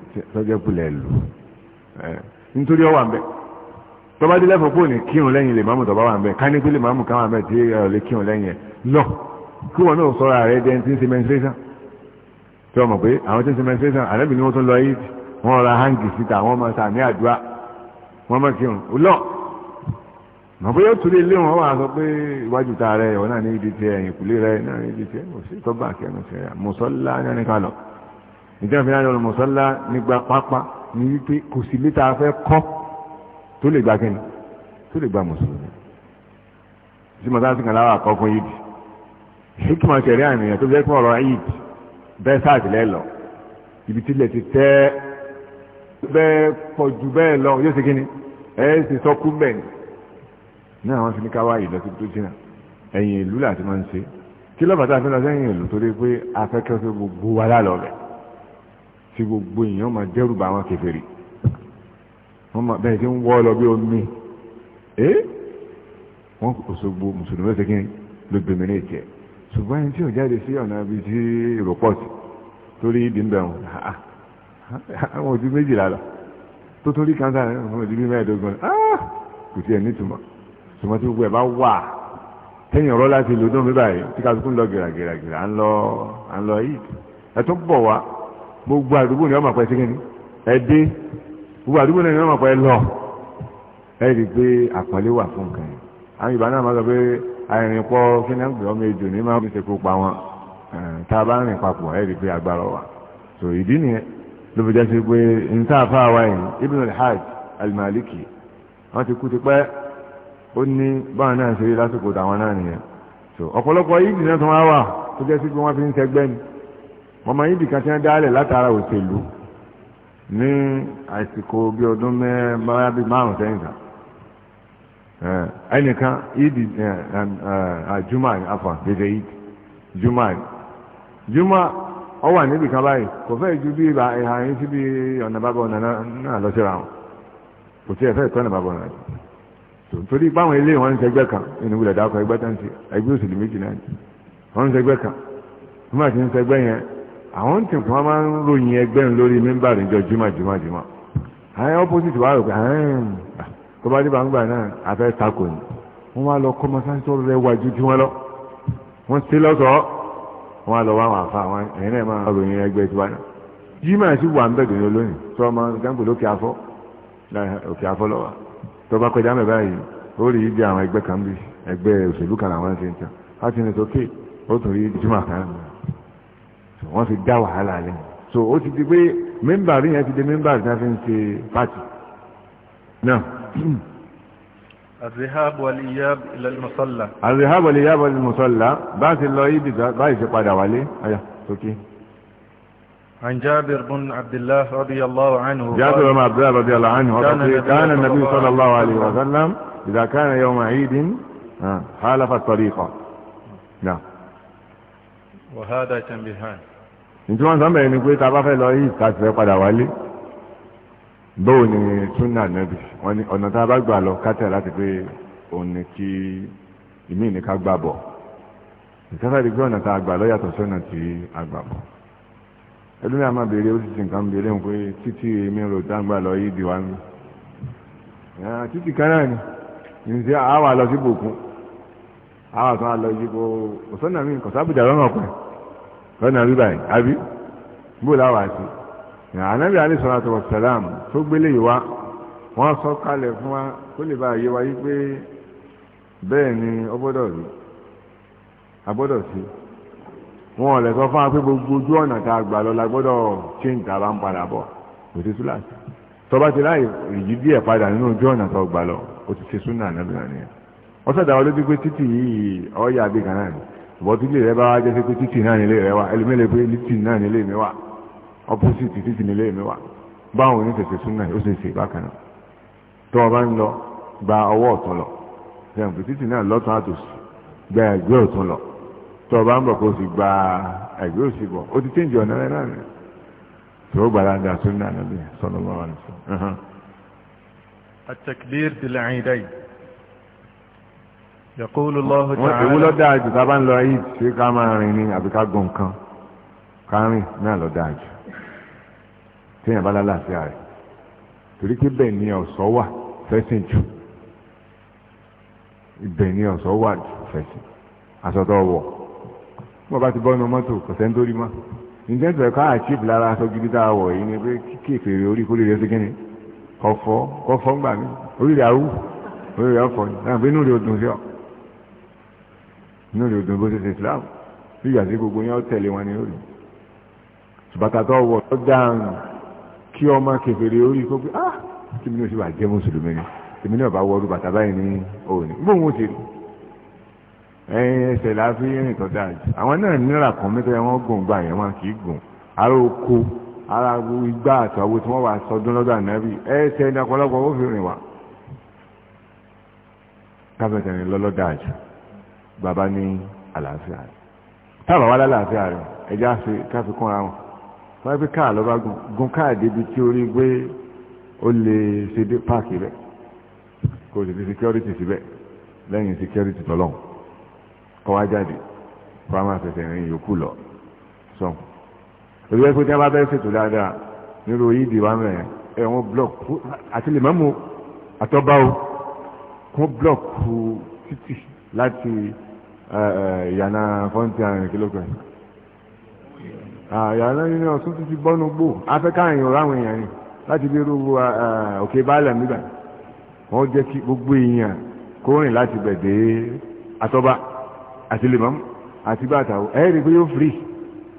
tọ́jẹ́ kulẹ̀ lù nítorí ọwà mbẹ tọba dé lẹfọ pé ò ní kírun lẹ́yìn lè máàmù tọba wà mbẹ ká ní pé lè máàmù káwà mbẹ tí ẹ lè kírun lẹ́yìn ẹ lọ kí wọn náà sọra rẹ dẹ ti ń ṣe menstruation tí wọn mọ pé àwọn tí ń ṣe menstruation àlẹbí ni wọn tún lọ yìí wọn ra hangi síta wọn máa sàmì àdúrà wọn máa kírun lọ mọ pé yóò tún lè lé wọn wà sọ pé iwájú ta rẹ ọ náà ní ibi tiẹ ẹ̀yìnkùlé rẹ náà ní ibi tiẹ kò sí tọba àkẹnu sí ẹ mùsọlá ní ká lọ nítorí fi láyọ̀ mọ̀sọ́lá nígbà pápá ní wípé kò sí létà fẹ́ kọ́ tó lè gba kíni tó lè gba mùsùlùmí sí mọ̀sáàsì kan láwà kọ́ fún yìí hikima sẹ̀rí àníyàn tó fẹ́ fún ọ̀rọ̀ yìí bẹ́ẹ̀ sáàtì lẹ́lọ ibi tí ilẹ̀ ti tẹ́ bẹ́ẹ̀ pọ̀ jù bẹ́ẹ̀ lọ yóò ṣe kíni ẹ̀ ṣe sọ́kú bẹ́ẹ̀ ni ní àwọn fi ní ká wá tó jìnnà ẹ̀yìn ìlú làti máa ń ṣe kí lọ́bàtà fi lọ sẹ́yìn ìlú torí pé afẹ́kẹ́ fẹ́ gbogbo wa lálọ́ bẹ́ẹ̀ tí gbogbo èèyàn máa dẹ́rù bá wọn kèfèrí wọ́n máa bẹ́ẹ̀ tí ń wọ́ lọ bí omi ẹ́ wọ́n kò sógbó mùsùlùmí ṣe kí ló gbèmí ní ìjẹ́ ṣùgbọ́n ẹni tí ò jáde sí ọ̀nà ibi tí rọpọ́tì torí ìdí ń bẹ̀ wọn àwọn òbí méjìlá lọ tó torí kánsá àwọn òbí mẹ́ẹ̀ẹ́dógún kò tiẹ̀ nítumọ̀ ṣùgbọ́n tí gbogbo ẹ̀ bá wà tẹ́yìn ọ̀rọ̀ láti lòdùn mi báyìí tí kásìkò ń lọ gèràgèràgèrà à ń lọ à ń lọ yìí ẹ̀ tún bọ̀ wá gbogbo àdúgbò ni wọ́n máa pẹ́ sí kíni ẹdí gbogbo àdúgbò ni wọ́n máa pẹ́ lọ ẹ i pé àpọ́nlé wà fún nǹkan yẹn àwọn ìbá máa sọ pé àìrìn pọ̀ kí náà gbé ọmọ ní máa ṣe kópa wọn tá a bá rìn papọ̀ so ìdí nìyẹn ló fi pé nta yìí Ibn wọ́n ti kú ti pẹ́ ó ní báwọn náà ṣe lásìkò ọmọ yìí bìkan ti ń dálẹ̀ látara òṣèlú ní àsìkò bí ọdún mẹ́rin bíi márùn sẹ́yìn ẹnìkan ìdí juma afọ bèbè yìí juma juma ọ wà níbi kan báyìí kò fẹ́ ju bí yín sí bí ọ̀nà bàbá ọ̀nà náà kò bàbá ọ̀nà torí báwọn ilé wọn ń kan nínú ìwúlẹ̀ dákọ̀ ẹgbẹ́ tán ti ẹgbẹ́ òṣèlú méjì náà wọ́n ń kan máa ti ń àwọn tí wọ́n máa ń ròyìn ẹgbẹ́ ń lórí mímbà níjọ jùmọ̀ jùmọ̀ jùmọ̀ àwọn opposite wà rò pé tó bá dé bàǹgbà náà afẹ́ tako ni wọ́n wá lọ kọ́ mọ́sánsọ́ rẹ̀ wájú tí wọ́n lọ wọ́n sí lọ́sọ̀ọ́ wọ́n á lọ wá àwọn àfa àwọn ẹ̀yìn náà máa ròyìn ẹgbẹ́ tiwa náà jimá sí wà ń bẹ̀dùn ní olóyìn tó ọmọ gángbò lókè afọ́ òkè afọ́ lọ́wọ́ tó bá kọjá mẹ́ báyìí ó rí ibi àwọn ẹgbẹ́ kan bí ẹgbẹ́ òṣèlú kan àwọn ẹ̀ṣẹ̀ ń tàn á ti ní sókè ó tún rí jimá kan náà wọ́n fi dá wàhálà lẹ́ so ó ti di pé mẹ́mbàrí yẹn ti di mẹ́mbàrí tá a fi ń ṣe pàtì náà. الذهاب والإياب إلى المصلى الذهاب والإياب إلى المصلى بعث الله يدي بعث قد عليه أيه سوكي عن جابر بن عبد الله رضي الله عنه جابر بن عبد الله رضي الله عنه كان, كان النبي صلى الله عليه وسلم إذا كان يوم عيد حالف الطريقة نعم وهذا تنبيهان nítorí wọn sọmọ ẹni pé tá a bá fẹ́ lọ yìí tá a sì fẹ́ padà wálé bóun ni sunna nabi wọn ni ọ̀nà tá a bá gbà lọ kátà láti pé òun ni kí ìmí ni ká gbà bọ̀ ìtafẹ́ di pé ọ̀nà tá a gbà lọ yàtọ̀ sọ́nà tí a gbà bọ̀ ẹlòmíì àmà béèrè ó sì ti nǹkan béèrè ń pé títí èmi rò tá lọ yìí di wa mi títí kan náà ni ǹjẹ́ àwa lọ sí bòkun àwa tó lọ yìí kó òsọ́nà lọ́nà rí báyìí àbí bó láwàá sí ànábì alayhi salatu wassalam tó gbélé ìwá wọ́n sọ kalẹ̀ fún wa kó lè bá yé wa yí pé bẹ́ẹ̀ ni ó gbọ́dọ̀ rí agbọ́dọ̀ sí wọn ò lè sọ fún wa pé gbogbo ojú ọ̀nà tá a gbà lọ la gbọ́dọ̀ ṣe ń tà bá ń padà bọ̀ kò sí túláàsì tọba ti láì rìjì díẹ̀ padà nínú ojú ọ̀nà tó gbà lọ o ti ṣe súnà ànábì alayhi wọ́n sọ̀dà ṣùgbọ́n tí ilé rẹ bá jẹ́ sí pé títì náà nílé rẹ wà ẹlòmílẹ̀ pé títì náà nílé mi wà opposite títì nílé mi wà báwọn oníṣẹ̀ṣẹ̀ súnà ó ṣe ṣe bákan náà tó o bá ń lọ gba ọwọ́ ọ̀tún lọ ṣẹ̀ǹpù títì náà lọ́tún àtòsí gba ẹ̀gbẹ́ ọ̀tún lọ tó o bá ń bọ̀ kó o sì gba ẹ̀gbẹ́ òsì bọ̀ ó ti change ọ̀nà rẹ náà tó o التكبير في èwo ló dáa jù tá a bá ń lọ ayé ṣé ká máa rìn ni àbí ká gun nǹkan ká rìn náà ló dáa jù téèyàn bá lálàáfíà rẹ̀ torí pé bẹ́ẹ̀ ni ọ̀sọ́ wà fẹ́sìn jù ibẹ̀ ni ọ̀sọ́ wà fẹ̀sìn asọ̀tọ̀ wọ̀ bó bá ti bọ́nu mọ́tò kò sẹ́ni tó rí mọ́ ìjẹ́ntẹ̀ ká àchíf lára aṣọ gidi tá a wọ̀ yìí ni pé kíkì fèrè orí kó lè rẹ sí kíni kọ̀fọ́ kọ̀fọ́ ń inú rẹ̀ òdùn bó ṣe ṣe islam bí ìyá sí gbogbo yẹn ó tẹ̀lé wọn ni ó rí bàtà tó wọ̀ ọ́ dáhùn kí ọmọ kẹfẹ́rẹ́ orí kó pé ah kí mi náà ṣe wà jẹ́ mùsùlùmí ni èmi náà bá wọlú bàtà báyìí ní òní bóun ó ti rí ẹyin ẹsẹ̀ láfi rìn tó dáa jù àwọn náà nílà kan mẹ́tọ́ yẹn wọ́n gùn gbà yẹn wọn kì í gùn ara oko ara igbá àtàwọn tí wọ́n wà sọdún lọ́dọ̀ ànábì ẹsẹ̀ ní ọ̀pọ̀lọpọ̀ ó fi rìn wá káfíńtì ni lọ́lọ́ dáa jù bàbá ní àlàáfíà rẹ̀ tábà wà lálàáfíà rẹ̀ ẹjá fi káfí kúnra wọn wọ́n fi káà lọ́ba gun káà débi tí ó rí ó lè ṣe dé páàkì rẹ̀ kò sì fi security síbẹ̀ lẹ́yìn security tọ́lọ́hún kọ́ wá jáde kó a máa fẹsẹ̀ rìn yòókù lọ sọ́n òbí wẹ́n pé tí wọ́n bá bẹ́ẹ̀ ṣètò dáadáa nírú yídì wa mẹ́rin ẹ̀ wọ́n block àti lè mọ́mú àtọ́bá o wọ́n block títì láti ìyànà fọ́ǹtì àrùn kìlógún àyàrá nínú ọ̀sùn ti ti bọ́nu gbò afẹ́ká èèyàn ráwọn èèyàn ni láti bí irú òkè báàlẹ̀ nígbà wọ́n jẹ́ kí gbogbo èèyàn kó rìn láti bẹ̀dẹ̀ atọ́ba àti lèmọ́mù àti bàtàwọ̀ ẹ̀ rí i pé yóò firi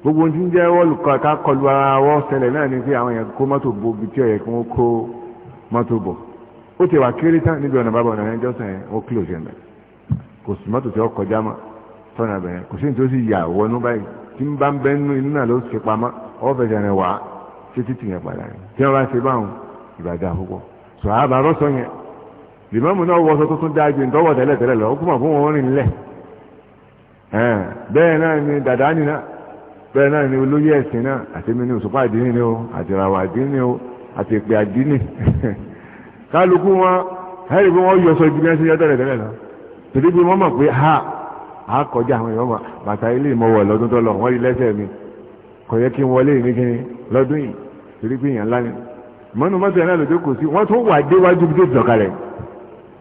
gbogbo ohun tí ń jẹ́ wọ́ọ̀lù ká kọlu ara wọ́ sẹlẹ̀ náà ni pé àwọn èèyàn kó mọ́tò bo ibi tí ó kó mọ́tò bọ̀ ó ti wà kéré tán níbi ọ̀nà bàbá ọ̀nà ẹjọ́ sàn yẹn ó kílò sí ẹ̀mẹ́ kò sì mọ́tò tí ó kọjá mọ́ sọ́nà bẹ̀rẹ̀ kò sí nítorí yà wọnú báyìí tí ń bá ń inú náà ló ṣe pamọ́ ọ́fẹ̀sẹ̀ títí tí wọ́n bá ṣe báwọn sọ àbá yẹn lèmọ́mù náà ìtọ́wọ̀ tẹ́lẹ̀ tẹ́lẹ̀ lọ fún wọn rìn lẹ̀ bẹ́ẹ̀ náà ni dàdá bẹ́ẹ̀ náà ni olóyè ẹ̀sìn náà àti o àti torí bí wọ́n mọ̀ pé ha a kọjá àwọn èèyàn mọ̀ bàtà ilé ìmọ̀wọ̀ lọ́dún tó lọ wọ́n rí lẹ́sẹ̀ mi kò yẹ kí n wọlé mi kí ni lọ́dún yìí torí pé èèyàn ńlá ni mọ́nú mọ́tò yẹn náà ló jókòó sí wọ́n tún wà déwájú bí tó ti dọ̀kalẹ̀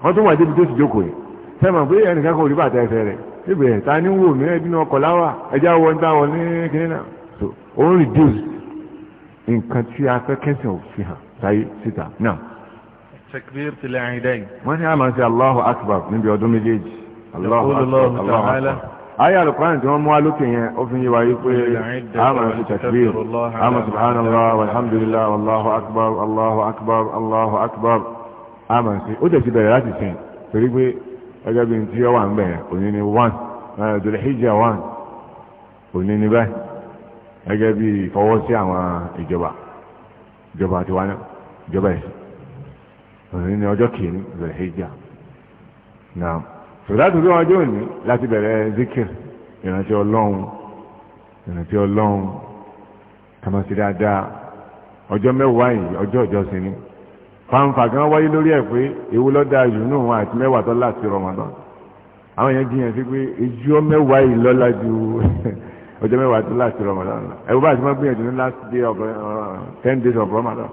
wọ́n tún wà débi tó ti jókòó yìí sẹ́mọ̀ pé ẹnìkan kò rí bàtà ẹsẹ̀ rẹ̀ síbi ẹ̀ ta ni wò mí ẹbí náà kọ̀ láwà ẹjá wọ níta wọ ní kíní náà takbir til aidain wọ́n ní a máa ṣe Allahu akbar níbi ọdún méjèèjì Allahu akbar Allahu akbar ayé alukuraani tí wọ́n mú alókè yẹn ó fi yé wa yí pé a máa ṣe takbir a máa subhanallah walhamdulillah Allahu akbar Allahu akbar Allahu akbar a máa ṣe ó tẹ̀sí bẹ̀rẹ̀ láti sìn torí pé ẹgbẹ́ bíi tí ó wà ń bẹ̀rẹ̀ òní ni one Dhul-Hijjah one òní ni báyìí ẹgbẹ́ bíi ìfọwọ́sí àwọn ìjọba ìjọba àtiwáná ìjọba ẹ̀sìn òní ni ọjọ́ kìíní bẹ̀rẹ̀ hijab náà sọ̀dáàtì bí wọn jẹ́ òní láti bẹ̀rẹ̀ zikir ìrántí ọlọ́run ìrántí ọlọ́run kàmáṣí dáadáa ọjọ́ mẹ́wàá yìí ọjọ́ ìjọsìn ni fanfa kan wáyé lórí ẹ̀ pé ewu lọ́dà yùnú wọn àti mẹ́wàá tó láti rọmọdán àwọn yẹn jiyàn sí pé ijó mẹ́wàá yìí lọ́lá ju ọjọ́ mẹ́wàá tó láti rọmọdán lọ ẹ̀wọ́n bá ti máa gbìyànjú ní last day of uh, ten days of rọmọdán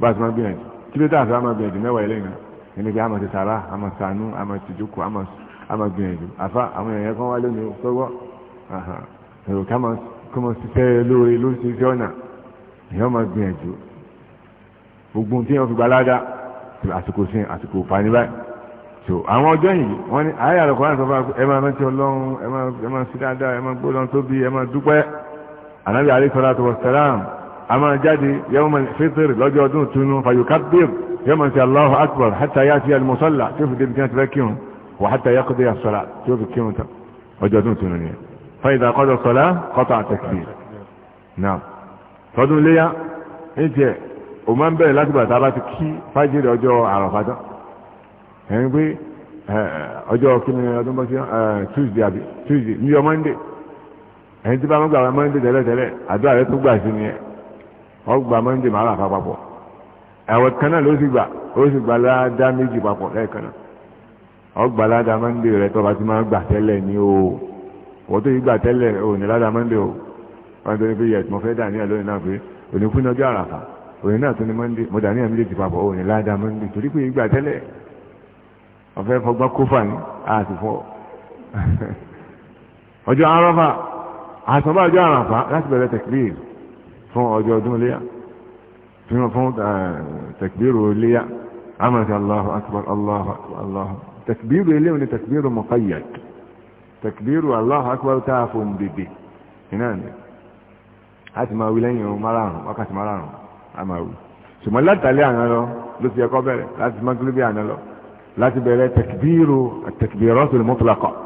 bá ti máa gbìyànjú kí ló dáàfẹ́ àmà gbìyànjú mẹ́wàá ilé ìrìn ẹni pé àmà ti sàrà àmà sànú àmà tìjókòó àmà gbìyànjú àfa àwọn èèyàn kan wá lónìí sọ́wọ́ èrò ká mọ ṣiṣẹ́ lóore ló ṣe iṣẹ́ ọ̀nà èèyàn máa gbìyànjú gbogbo tí wọ́n fi gba ládàá àsìkò sin àsìkò fani báyìí so àwọn ọjọ́ yìí wọ́n ní ayé àlọ́kọ́ láti sọ fún ẹ máa rántí ọlọ́run ẹ máa sí dáadáa ẹ máa gbọ́dọ̀ tóbi ẹ máa dúpẹ́ ànábì alayhi salatu wassalam a máa jáde yawmal fitr lọ́jọ́ ọdún túnú fayukabbir yóò máa ṣe Allahu akbar hatta ya'ti al-musalla tí ó fi débi tí wọ́n ti fẹ́ kírun wà hatta yaqdi as-salat tí ó fi kírun tán ọjọ́ ọdún túnú ni fa idha qada as-salat qata'a at-takbir náà tọdún léyà ní tiẹ̀ o máa ń bẹ̀rẹ̀ láti bàtà tá a bá ti kí fájìrì ẹ̀yìn tí bá mọ́ wọn monday tẹ́lẹ̀ tẹ́lẹ̀ àdúrà rẹ tó gbà sí nìyẹn ọgbà mọ́ndé màá ràfà papọ̀ àwẹ̀ kan náà ló sì gbà ó sì gbà ládàá méjì papọ̀ lẹ́ẹ̀kan náà ọgbà ládàá mọ́ndé rẹ tọ́ba ti máa gbà tẹ́lẹ̀ ní o wọ́n tó yí gbà tẹ́lẹ̀ ò ní ládàá mọ́ndé o wọ́n tó ní pé yẹ̀tì mo fẹ́ dà ní àlóyìn náà pé òní fún ọjọ́ àràfà òní náà tó ní mọ́ndé mo dà ní méjì papọ̀ ò ní ládàá mọ́ndé torí pé yí فهو جواد ليا في مفهوم آه، تكبيره ليا عملك الله أكبر الله أكبر الله تكبير ليا يعني تكبير مقيد تكبير الله أكبر تافهم ببي هنا حتى ما ولين ومرانهم وقت مرانهم عمو ثم لا تعلي أنا لو لو سيقابل لا تسمع قلبي أنا لا تبالي تكبير التكبيرات المطلقة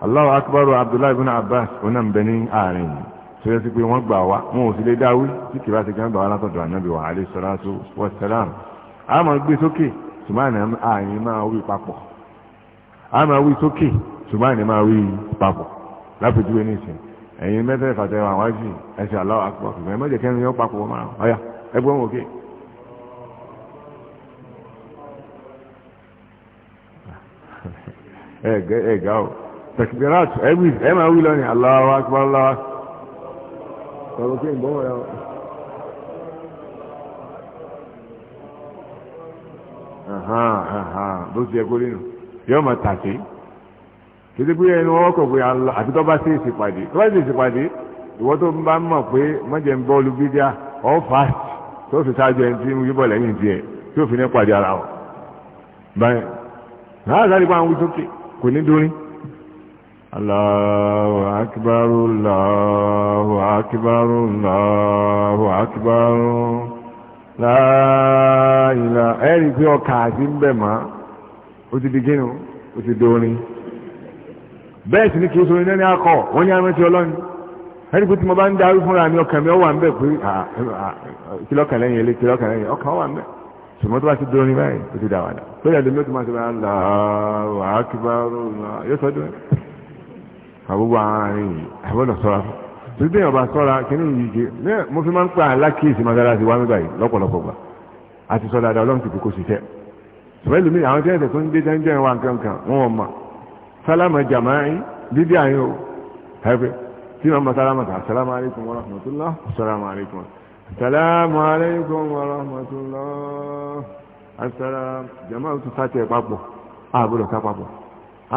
Allahu akbar Abdullahi ibn Abbas ọ̀nà ń bẹ ní àárín tó yẹ sí pé wọ́n gbà wá wọn ò sì lè dáwí tí kìlá ti gbà wá látọ̀dọ̀ ànábì wa alayhi salatu wa salam a máa gbé sókè ṣùgbọ́n àárín máa wí papọ̀ a máa wí sókè ṣùgbọ́n àárín máa wí papọ̀ lápèjúwe ní ìsìn ẹ̀yin mẹ́tẹ̀ẹ̀fà tẹ wà wájú ẹ̀sẹ̀ Allahu akbar ṣùgbọ́n ẹ tẹ̀kìbírat ẹ̀wì ẹ̀ máa wí lọ́nìí Allahu Akbar Allahu Akbar ها ها n bọ́ يوم yàwó. bó ti yẹ kó rí nù yóò máa tàkì títí pé ẹni wọn kọ̀ pé àti tó bá sí ìsìpàdé tó bá sí ìsìpàdé ìwọ tó bá ń mọ̀ pé mọ̀jẹ̀ ń bọ́ọ̀lù bídíà ọ̀ fàájì tó fi ṣáájú ẹni tí ń yíbọ̀ lẹ́yìn tiẹ̀ tí ò fi ní pàdé ara wọn. báyìí láàárín àdìpọ̀ àwọn wí kò ní dúrín. الله أكبر الله أكبر الله أكبر لا إله ẹ̀rí pé ọkà àti ń bẹ̀ máa ó ti di gínú ó ti dorin bẹ́ẹ̀ sì ni kìí sọ̀rọ̀ ní akọ wọ́n ní arántí ọlọ́run ẹ̀rí pé tí mo bá ń darí fúnra mi ọkàn mi ó wà ń bẹ̀ pé kìlọ́kà lẹ́yìn ilé kìlọ́kà lẹ́yìn ọkàn ó wà ń bẹ̀ sùmọ́ tó bá ti dorin báyìí ó ti dà wàdà tó yẹ lómi ó ti máa ṣe bá ń lọ àwọn àkíbárò yóò sọ́dún ẹ̀ àbúgbò àárín yìí àbọ̀dọ̀ sọ́ra fún torí bẹ́ẹ̀ ọba sọ́ra kínní yìí ké náà mo fi máa ń pa alákìísí mọ́sálásí wá nígbà yìí lọ́pọ̀lọpọ̀ gbà àti sọ dáadáa ọlọ́run ti fi kó ṣiṣẹ́ ṣùgbọ́n ìlú mi àwọn tí ẹ̀sẹ̀ tó ń dé jẹ́ńjẹ́ wa nǹkan kan wọ́n mọ̀ sálámà jàmáì dídí àyìn o ẹgbẹ́ tí wọ́n mọ sálámà kà sálámà aleykum wa rahmatulah sálámà aleykum sálámà aleykum wa rahmatulah asálámà jàmáì tó sáté papọ̀ àbúrò ká papọ̀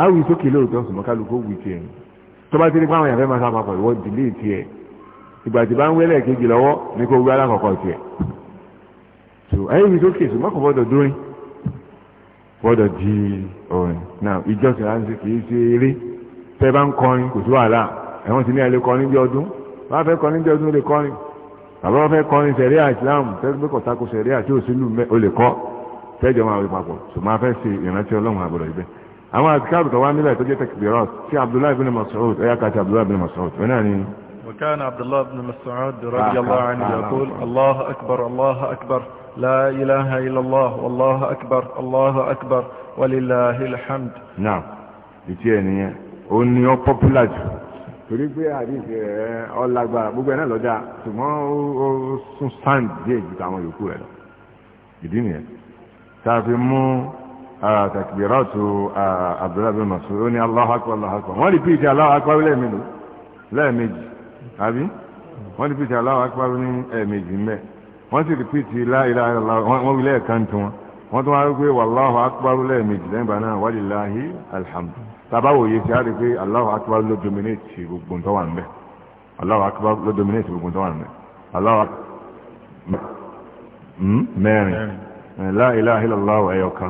àwìn sókè lóòótọ́ sùmọ́kálukó wù tiẹ̀ yìí tó bá ti ní pàwọn èèyàn fẹ́ máa sá papọ̀ ìwọ dìlé tiẹ̀ ìgbà tí bá ń wẹ́lẹ̀ kejì lọ́wọ́ ní kó wíwá lákọ̀ọ́kọ́ tiẹ̀ so ayé mi tó kè so mọ́kàn bọ́dọ̀ dúrin bọ́dọ̀ di orin náà ìjọsìn láti kì í ṣe eré tẹ́ bá ń kọrin kò sí wàhálà ẹ̀wọ̀n ti ní ẹ̀lẹ́ kọrin bí ọdún wọ́n á fẹ́ kọrin bí ọdún lè kọrin bàbá wọn fẹ́ kọrin sẹ̀ríà Islam tẹ́gbẹ́ kọ̀tàkù sẹ̀ríà tí òṣèlú o lè kọ́ tẹ́jọ́ máa wí papọ̀ so máa fẹ́ ṣe ìrántí Ọlọ́run àbọ̀dọ̀ ibẹ̀ àwọn àtikáàrù tó wá nílẹ̀ tó jẹ́ takbirat tí abdullahi bin mas'ud ẹ̀yà kàtí abdullahi bin mas'ud wọn náà ni. وكان عبد الله بن مسعود رضي الله عنه يقول الله أكبر الله أكبر لا إله إلا والله أكبر الله أكبر ولله الحمد نعم ìtíẹ̀nìyàn ó ní ó pọ́pùlà jù torí pé àdìsí ẹ̀ ọlágbára gbogbo ẹ̀ náà lọ́jà ṣùgbọ́n ó sún Ah, takbiratu ah, abdullahi bin mas'ud ó ní Allahu akbar Allahu akbar wọ́n rìpíìtì Allahu akbar lẹ́ẹ̀mejì lẹ́ẹ̀mejì àbí wọ́n rìpíìtì Allahu akbar ní ẹ̀ẹ̀mejì mẹ́ wọ́n sì rìpíìtì la ilaha illallah wọ́n wí lẹ́ẹ̀kan tí wọ́n wọ́n tún wá wípé wallahu akbar lẹ́ẹ̀mejì lẹ́ẹ̀bà náà walillahi alhamdu tabawo yìí ti á pé Allahu akbar ló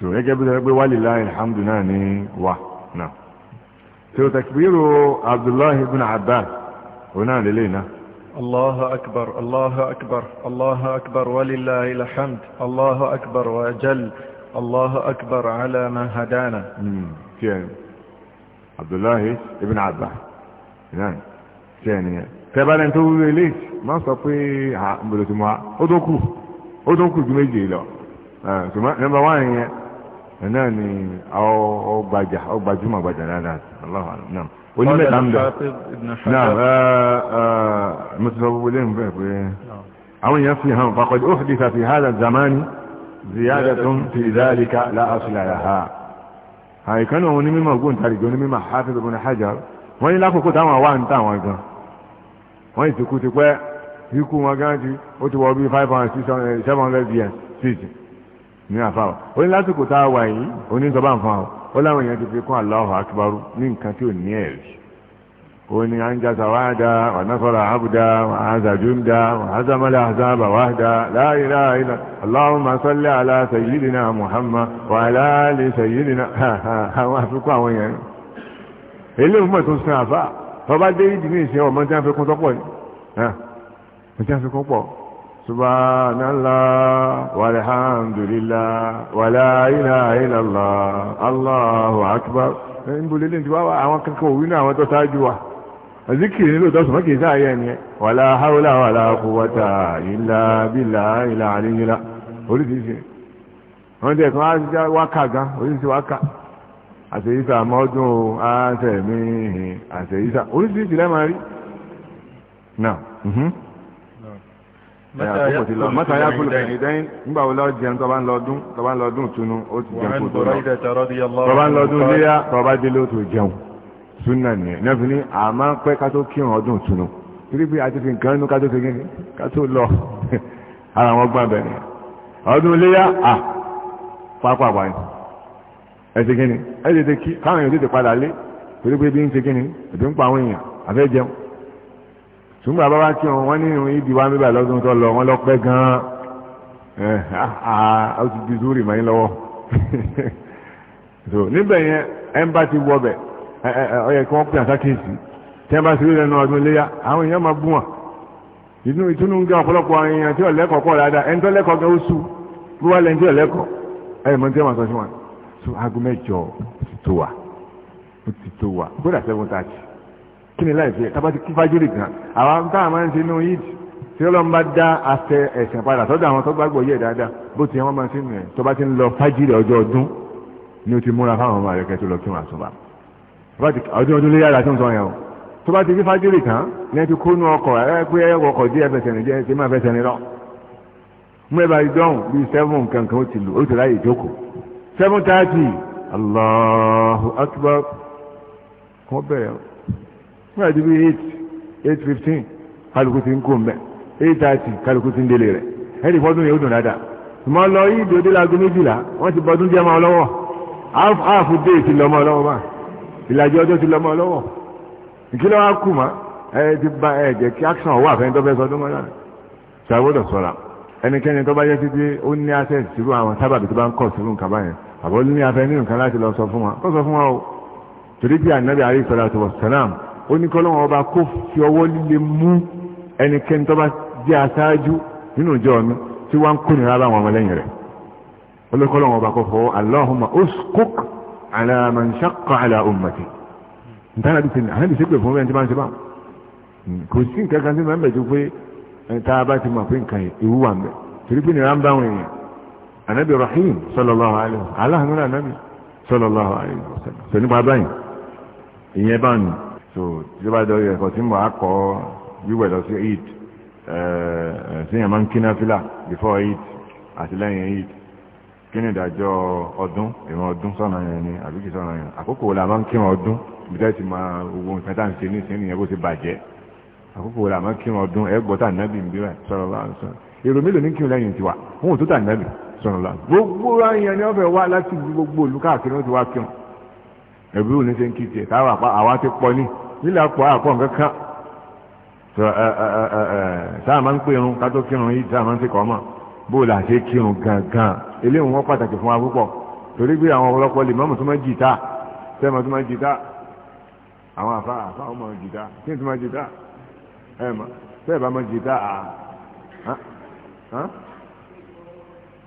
so gẹ́gẹ́ bí sọ pé walillahi alhamdu náà ní wa náà so takbiru abdullahi ibn abbas òun náà lélẹ́yìn náà. الله أكبر الله أكبر الله أكبر ولله الحمد الله أكبر وأجل الله أكبر على ما هدانا ثاني عبد الله ابن عباس نعم ثانيا تبان انت ليش ما صفي عملت مع ادوكو ادوكو جميجي لو ثم نمبر 1 náà ni ọgbàjà ọgbàjúmọ̀ ọgbàjà dáadáa aláwọ̀ náà onímẹ̀ta ń bẹ̀ náà mo ti sọ gbogbo lẹ́nu bẹ́ẹ̀ pé àwọn èèyàn fi hàn faqad uhditha fi hadha zamani ziyadatun fi dhalika la asla laha àìkánná àwọn onímọ̀ ògbóǹtarìgì onímọ̀ Hafiz ibn Hajar wọ́n ní lákòókò táwọn àwa ń táwọn gan wọ́n ìsìnkú ti pẹ́ ikú wọn gan ti ó ti wọ bí five hundred six hundred seven hundred years ní àfáà ó ní lásìkò tá a wà yìí ó ní sọ bá ń fún àwọn ó láwọn èèyàn ti fi kún Allahu akbar ní nǹkan tí ò ní ẹ̀rí ó ní anja sàwádà wà nasara abdà wà áza júndà wà áza mọ́lẹ̀ àzábà wáhdà la ilaha illa Allahumma Muhammad wà ala ali sayyidina àwọn àfikún àwọn èèyàn eléyìí mọ̀ tó sin àfáà tọ́ba dé ìdí ní ọmọ tí wọ́n fi kún tọ́pọ̀ subhanallah walhamdulillah wala ilaha illallah allahu akbar na lélẹ̀ tí wá àwọn kankan òwú na àwọn tó ṣáájú wa zikiri nílò tó sùnmọ́ kì í sáàyẹ ẹni wala hawla wala quwwata illa billahi ilà àríyìnlá oríṣiríṣi wọ́n tẹ̀ kan á já wákà gan oríṣiríṣi wákà àṣeyíṣà mọ́dún àṣẹ̀mí àṣeyíṣà oríṣiríṣi lẹ́ẹ̀ máa rí mhm. mọ́tà yà kúlù kẹ̀yìn dẹ́yìn nígbà wo lọ́ọ́ jẹun tọ́ba ń lọ dún tọ́ba ń lọ dún túnú ó ti jẹun kó tó lọ tọ́ba ń lọ dún léyà tọ́ba délé ó tó jẹun súnà nìyẹn náà fi ní àmọ́ pẹ́ ká tó kírun ọdún túnú torí pé a ti fi nǹkan nínú ká tó fi gíní ká tó lọ ara wọn gbọ́n bẹ̀rẹ̀ ọdún léyà à pápá wà ní ẹ ti gíní ẹ kí káwọn èèyàn ti padà lé torí pé bí ń ti gíní ètò ń pa àwọn èèyàn àfẹ́ jẹun ṣùgbọ́n bàbá wa kí wọn wọ́n ní ìrìn ìdí wa bíbà lọ́dún tó lọ wọ́n lọ́pẹ́ gan-an ẹ̀ ó ti di zúrì mọ́ yín lọ́wọ́ so níbẹ̀ yẹn ẹ̀ ń bá ti wọ bẹ̀ ọ yẹ kí wọ́n pè àtàkìsì tí wọ́n bá ti rí lẹ́nu ọdún iléyà àwọn èèyàn máa bú wọn inú ìtúnú ń gé ọ̀pọ̀lọpọ̀ àwọn èèyàn tí ọ̀lẹ́kọ̀ọ́ pọ̀ dáadáa ẹni tó lẹ́kọ̀ọ́ gan oṣù bí wọ́n lẹ́ni tí ọ̀lẹ́kọ̀ọ́ ẹ̀ mọ̀ tí wọ́n sọ sí kí ni láì fẹ́ tábà ti kí fájírì gan àwa tá a máa ń ṣe inú yìí tí ó lọ ń bá dá afẹ ẹ̀sìn padà tọ́jú àwọn tó gbàgbọ́ yẹ̀ dáadáa bó ti wọ́n máa ń ṣe nù ẹ̀ tó bá ti ń lọ fájírì ọjọ́ ọdún ni ó ti múra fáwọn ọmọ rẹ̀ kẹ́ lọ kí wọ́n àtúnbà ọdún ọdún léyà rà tó ń sọ yẹn o tó bá ti kí fájírì kan ní ẹ ti kó nu ọkọ̀ ẹ pé ẹ wọkọ̀ dé ẹfẹsẹ̀ ní jẹ́ ẹ ti máa fẹsẹ̀ ní lọ mú ẹ bá yí dọ́hùn bíi seven kankan ó ti lù ó ti ráyè nígbà tí bí eight eight fifteen kálukú ti ń kó mbẹ eight thirty kálukú ti ń délé rẹ ẹni fọdún yẹn ó dùn dáadáa tùmọ̀ lọ yìí dòde láago méjìlá wọ́n ti bọ́dún jẹ́ máa lọ́wọ́ áàfù dé ti lọ́mọ lọ́wọ́ bá ìlàjì ọjọ́ ti lọ́mọ lọ́wọ́ ìkílẹ̀ wa kù mọ́ ẹ ti ba ẹ jẹ́ kí action wà fẹ́ni tó fẹ́ sọdún mọ́ náà ṣàgbọ́dọ̀ sọ̀ra ẹnikẹ́ni tó bá yẹ títí ó ní access sírú àwọn sábàbí tó bá ń kọ̀ sírú nǹkan báyẹn àbọ̀ ní afẹ́ nínú nǹkan láti lọ sọ fún wa kó sọ fún wa o torí bí ànábì àrí ìsọ̀rọ̀ àtọwọ̀ sàlám ó ní kọ́lọ́wọ́n ọba kó fi ọwọ́ líle mú ẹnikẹ́ni tó bá jẹ́ aṣáájú nínú ìjọ mi tí wọ́n ń kó nira bá wọn ọmọlẹ́yìn rẹ̀ ó ní kọ́lọ́wọ́n ọba kó fọwọ́ Allahumma usquq ala man shaqqa ala ummati ntana bí sẹ́ni àná bí sẹ́pẹ̀ fún bẹ́ẹ̀ tí bá ń ṣe bá kò sí nǹkan kan sí máa ń bẹ̀ tó pé tá bá ti mọ̀ pé nǹkan yìí ìwú wà ń torí pé nira ń bá wọn èèyàn anabi rahim sallallahu alayhi wa sallam aláhùn sallallahu alayhi wa sallam sọ nípa báyìí ìyẹn báyìí so tí ó bá dọ̀ ẹ̀kọ́ tí mo á kọ́ wíwẹ̀ lọ sí eid síyàn máa ń kí náfìlà before eid àti lẹ́yìn eid kí ni ìdájọ́ ọdún ìran ọdún sọ̀nà yẹn ni àbí kì sọ̀nà yẹn àkókò wo la máa ń kírun ọdún bí tẹ́ ti máa wo nǹkan tá à ń ṣe ní ìsìn ìyẹn bó ti bàjẹ́ àkókò wo la máa ń kírun ọdún ẹ gbọ́ tà nábì ń bí rẹ̀ sọ̀rọ̀ láàrín sọ̀rọ̀ èrò mélòó ní kírun lẹ́yìn tiwa wọn ò tó tà nábì sọ̀rọ̀ láàrín gbogbo ayẹyẹ ni wọ́n fẹ́ wá láti gbogbo olùkáàkiri wọn ti wá kírun ẹ̀bí òní ṣe ń kí tiẹ̀ táwọn àwa ti pọ̀ ní nílẹ̀ àpò àpọ̀ nǹkan kan sáà máa ń pè irun kátó kírun yìí sáà máa ń ti kọ́ mọ̀ bóòlù àti kírun gangan eléyìí wọ́n pàtàkì fún wa púpọ̀ torí pé àwọn ọlọ́pọ̀ lè mọ́mọ́ tó máa jìtá sẹ́mọ́ tó máa jìtá àwọn àfa àfa ọmọ jìtá kí n tó máa jìtá ẹ̀ mọ̀ sẹ́ẹ̀ bá máa jìtá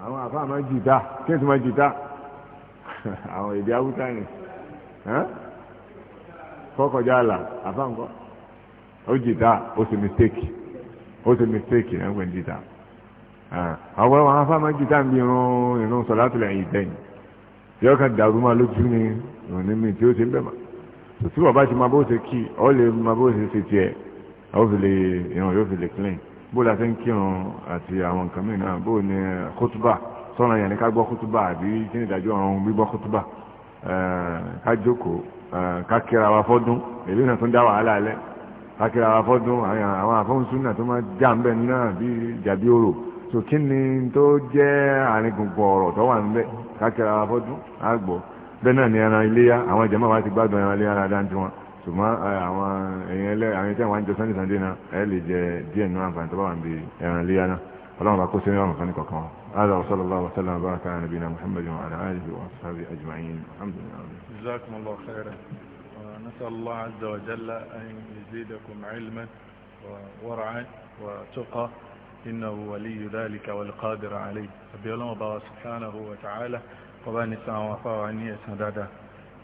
àwọn àfa máa jìtá kí n tó máa jìtá àwọn èdè haúsá yẹn kọ́kọ́já àlà àfáǹkọ́ ó jìdá ó sì mistake ó sì mistake ẹ̀ ń pè ní jìdá àwọn àwọn afáàmà jìdá ń bí irun irun sọ̀lá tó lẹ́yìn ìdẹ́yìn tí ó kàn dàrú máa lójú ní òní mi tí ó ti ń bẹ̀ mà tí wọ́n bá ti máa bó ṣe kí ọ lè máa bó ṣe ṣe tiẹ̀ ó fi lè irun yóò fi lè clean bó la ṣe ń kírun àti àwọn nǹkan mìíràn bó ni kútúbà sọ́nà yẹn ni ká gbọ́ kútúbà àbí kí ni ìdájọ́ ọ̀run gbígbọ́ kútúbà. Eh, kájókòó eh, kákíra wa fọ́dún èlé náà tó ń dá wàhálà alẹ́ kákíra wa fọ́dún àwọn àfọ́nsún náà tó máa já ń bẹ̀ náà bí jàbí òrò tó kí ni tó jẹ́ àrìnkùnkùn ọ̀rọ̀ tó wà níbẹ̀ kákíra wa fọ́dún àgbọ̀ bẹ́ẹ̀ náà ni ẹran iléyà àwọn ìjọba wa ti gbádùn ẹran iléyà rárá ń tiwọn ṣùgbọ́n eh, àwọn èèyàn ẹlẹ́ àwọn ìjọba wa ń jọ sunday sunday na ẹ lè jẹ díẹ̀ nínú àǹfààní tó bá wà níbi ẹran iléyà náà ọlọ́run bá kó sínú ọ̀run kan ní kọ̀ọ̀kan wọn. هذا وصلى الله وسلم وبارك على نبينا محمد وعلى اله واصحابه اجمعين الحمد لله جزاكم الله خيرا ونسال الله عز وجل ان يزيدكم علما وورعا وتقى انه ولي ذلك والقادر عليه فبيولم الله سبحانه وتعالى قباني سامع عني سندادا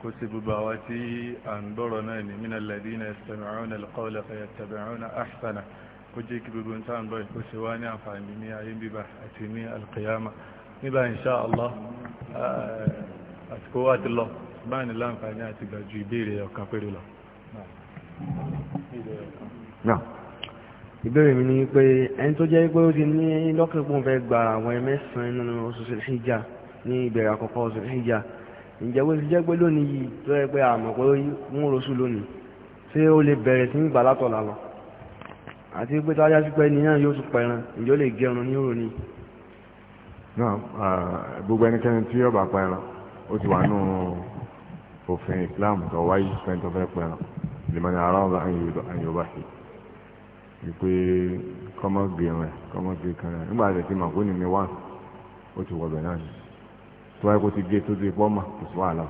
كوسي بباواتي ان من الذين يستمعون القول فيتبعون احسنه kó jẹ́ kí gbogbo nǹkan báyìí kó ṣe wá ní àǹfààní ní ayé bíbá àti ní alkiyama nígbà insha Allah àsìkò wá ti lọ báyìí ní láǹfààní àti gbàjú ìbéèrè ọ̀kan péré lọ. ìbéèrè mi ni pé ẹni tó jẹ́ pé ó ti ní lọ́kàn pé òun fẹ́ gba àwọn ẹmẹ́sàn-án nínú oṣù Zulhijja ní ìbẹ̀rẹ̀ àkọ́kọ́ oṣù Zulhijja ǹjẹ́ pé jẹ́ pé lónìí yìí tó yẹ pé pé ó rọ́ṣù lónìí ṣé ó lè bẹ̀rẹ̀ sí ìgbà látọ̀la lọ àti pé tó ajá sí pé ẹni náà yóò tún pẹran ìjọ lè gẹrun ní òrò ni. náà gbogbo ẹnikẹ́ni tí yóò bá pẹran ó ti wà nù òfin Islam tó wáyé pẹ́ẹ́n tó fẹ́ pẹran lèmọ́ni ara ọ̀la àyùbá sí i pé kọ́mọ́ gẹrun ẹ̀ kọ́mọ́ gẹ kan ẹ̀ nígbà tí màá kó ní mi wá ó ti wọ̀bẹ̀ náà ni tó wáyé kó ti gé tó ti pọ́ mà kò sí wàhálà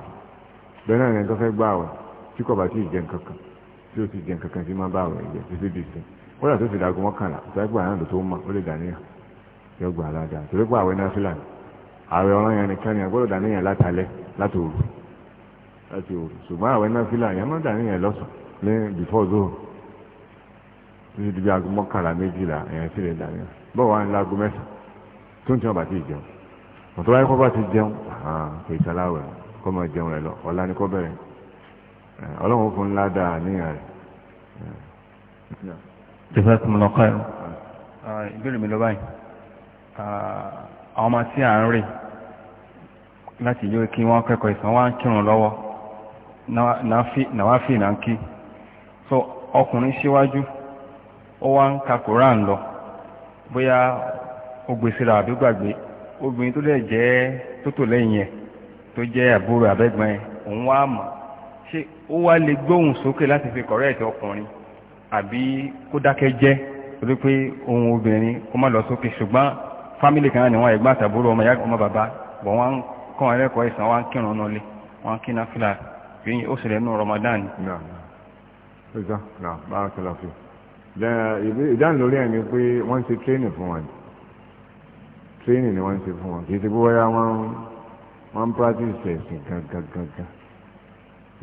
bẹ́ẹ̀ náà ni ẹni tó fẹ́ gbà wẹ̀ tí kò bá tí ì jẹ nǹkan kan tí ó ti jẹ nǹkan kan tí má bá wẹ̀ jẹ títí dìsìn kódà tó fi dàgọ́ mọ́kànlá ìtàgbà náà ló tó mọ̀ ó lè dàníyàn yóò gbà aládàá torí pé àwẹ̀ náà fìlà àwẹ̀ ọ̀ràn yẹn nìkan ni àgbọ̀dọ̀ dàníyàn látàlẹ́ láti òru láti òru ṣùgbọ́n àwẹ̀ náà fìlà yẹn máa dàníyàn lọ́sàn ní before zoro títí di bí aago mọ́kànlá méjìlá ẹ̀yàn sì lè dàníyàn bọ́ọ̀ wá ní láago mẹ́sàn tó ń tí wọn bá ti jẹun ọ̀tọ́ báyìí kọ́ bá ti jẹun kò ìsaláwẹ̀ kọ́ máa jẹun rẹ̀ lọ ọ̀la ni kọ́ bẹ̀rẹ̀ ọlọ́run fún ńlá dáa níyàn rẹ̀. Jazakumullahu khairan. Ah, ìbéèrè mi lọ báyìí ah, àwọn ọmọ tí a ń rè láti yóò kí wọ́n kẹ́kọ̀ọ́ ìsàn wá ń kírun lọ́wọ́ nàwáfì kí so ọkùnrin síwájú ó wá ń koran lọ bóyá ó gbèsè rà àbí gbàgbé obìnrin tó dẹ̀ jẹ́ tó tò lẹ́yìn ẹ̀ tó jẹ́ àbúrò àbẹ́gbọ́n ẹ̀ òun wá mọ̀ ṣé ó wá lè gbóhùn fi ọkùnrin àbí kó dákẹ́ jẹ́ torí pé ohun obìnrin kó má lọ sókè ṣùgbọ́n fámìlì kan ni wọ́n ẹ̀gbọ́n àtàbúrò ọmọ ìyá ọmọ bàbá bọ̀ wọ́n kọ́ wọn lẹ́kọ̀ọ́ ìsàn wọn kírun náà lé wọn kí náà fìlà yìí ó ṣẹlẹ̀ nínú Ramadan. ìdáhùn lórí ẹ̀ ni pé wọ́n ti tírénì fún wọn tírénì ni wọ́n ti fún wọn kì í ti gbówó yá wọ́n ń practice ẹ̀sìn gangan gangan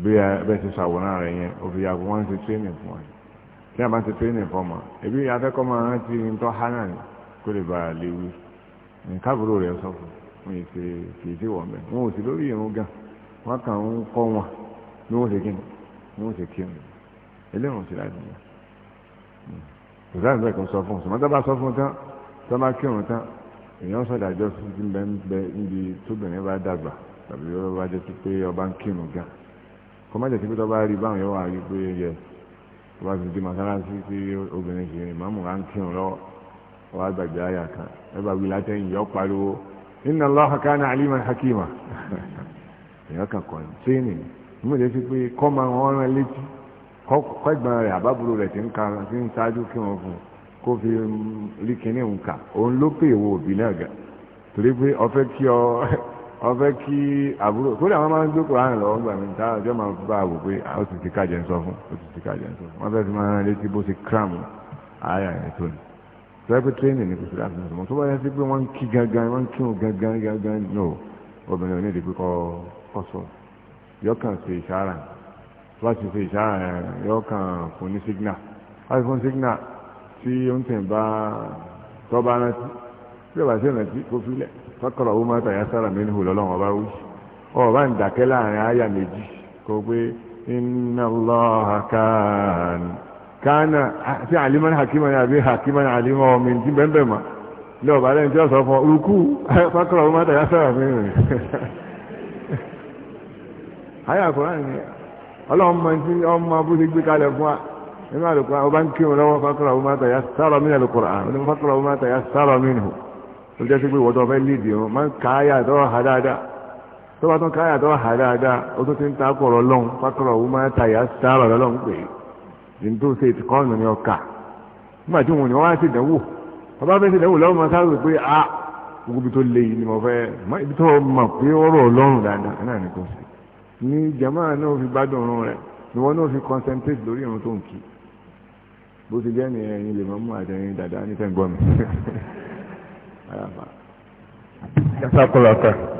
bí ẹ bẹ́ẹ̀ ti ṣàwòrán rẹ̀ yẹn òfìyàwó wọ́n ti tírénì fún wọn tí a bá ń ṣe pé nìkan mọ̀ ẹbí afẹ́kọ́ máa rántí nǹkan hánà ni kó lè bàa léwu nǹkàbúrò rẹ̀ sọ fún un yìí ṣe kì í ṣe wọ̀ mẹ́ wọn ò sí lórí ìrún gan wọn kàn ń kọ́ wọn bí wọ́n ṣe kí ni bí wọ́n ṣe kí ni eléwọ̀n ṣe láti yàn sùdáàbí bẹ́ẹ̀ kò sọ fún un sùmọ́ tó bá sọ fún un tán tó bá kírun tán èèyàn sọ̀dájọ́ fún ti bẹ́ẹ̀ bẹ́ẹ̀ níbi tóbìnrin bá dàgbà tàbí ọba jẹ́ wọ́n ti di mọ́sálásí tí obìnrin ṣe ìmáàmù wa ń kírun lọ́wọ́ wọ́n á gbàgbé àyà kan ẹ bá pariwo inna aliman hakima èèyàn kan kọ́ mo lè fi pé kọ́ máa wọ́n rán létí kọ́ rẹ̀ ka ti ń ṣáájú kí wọ́n fún un kó fi rí kinní òun ló ọfẹ́ kí àbúrò kó dà wọ́n máa ń gbé koran lọ́wọ́ gbà mí táwọn ọjọ́ máa ń a wò pé ó sì ti kájẹ ń sọ fún ó sì ti kájẹ ń sọ fún wọ́n fẹ́ fi máa rán létí bó ti cram ààyè àyè tó ni tọ́lá pé tírénì ní kùsùlá àti ìṣòwò tó bá yẹ sí pé wọ́n ń kí gangan wọ́n ń kí wọn gangan gangan no obìnrin ò ní ìdí pé kọ́ sọ yọkàn ṣe ìṣàrà tó bá ti ṣe ìṣàrà yọkàn fún ní sígínà láti fún sígínà tí ó bá tọ́ bá rántí tí ọba sí ìrántí kó filẹ̀ fákọ̀rọ̀ owó máa tàyà sára mi níhù lọ́lọ́run ọba wí ọba ń dàkẹ́ láàrin àyà méjì inna Allaha kana kana sí àlímọ́ hakima ni àbí hakima ni àlímọ́ ọmọ ìdí bẹ́ẹ̀ mọ́ lé ọba lẹ́yìn tí ó sọ fún rúkú fákọ̀rọ̀ owó máa tàyà sára mi àyà ni ọlọ́run gbé kalẹ̀ fún wa ọba ń kírun lọ́wọ́ máa tàyà sára mi ló jẹ́ sí pé ìwọ́tọ̀ fẹ́ lídìí wọn máa ń káyà tó hà dáadáa tó bá tún káyà tó hà dáadáa ó tún ti ń ta kọ̀rọ̀ lọ́hùn pákọ̀rọ̀ máa ní tó ṣe nígbà tí wọn ni si á ṣe ìdánwò bàbá fẹ́ ṣe ìdánwò lọ́wọ́ máa a ah, gbogbo ibi tó le yìí ni mo ibi tó mọ̀ pé ọ̀rọ̀ ọlọ́run dáadáa ni ní ya kula kulakar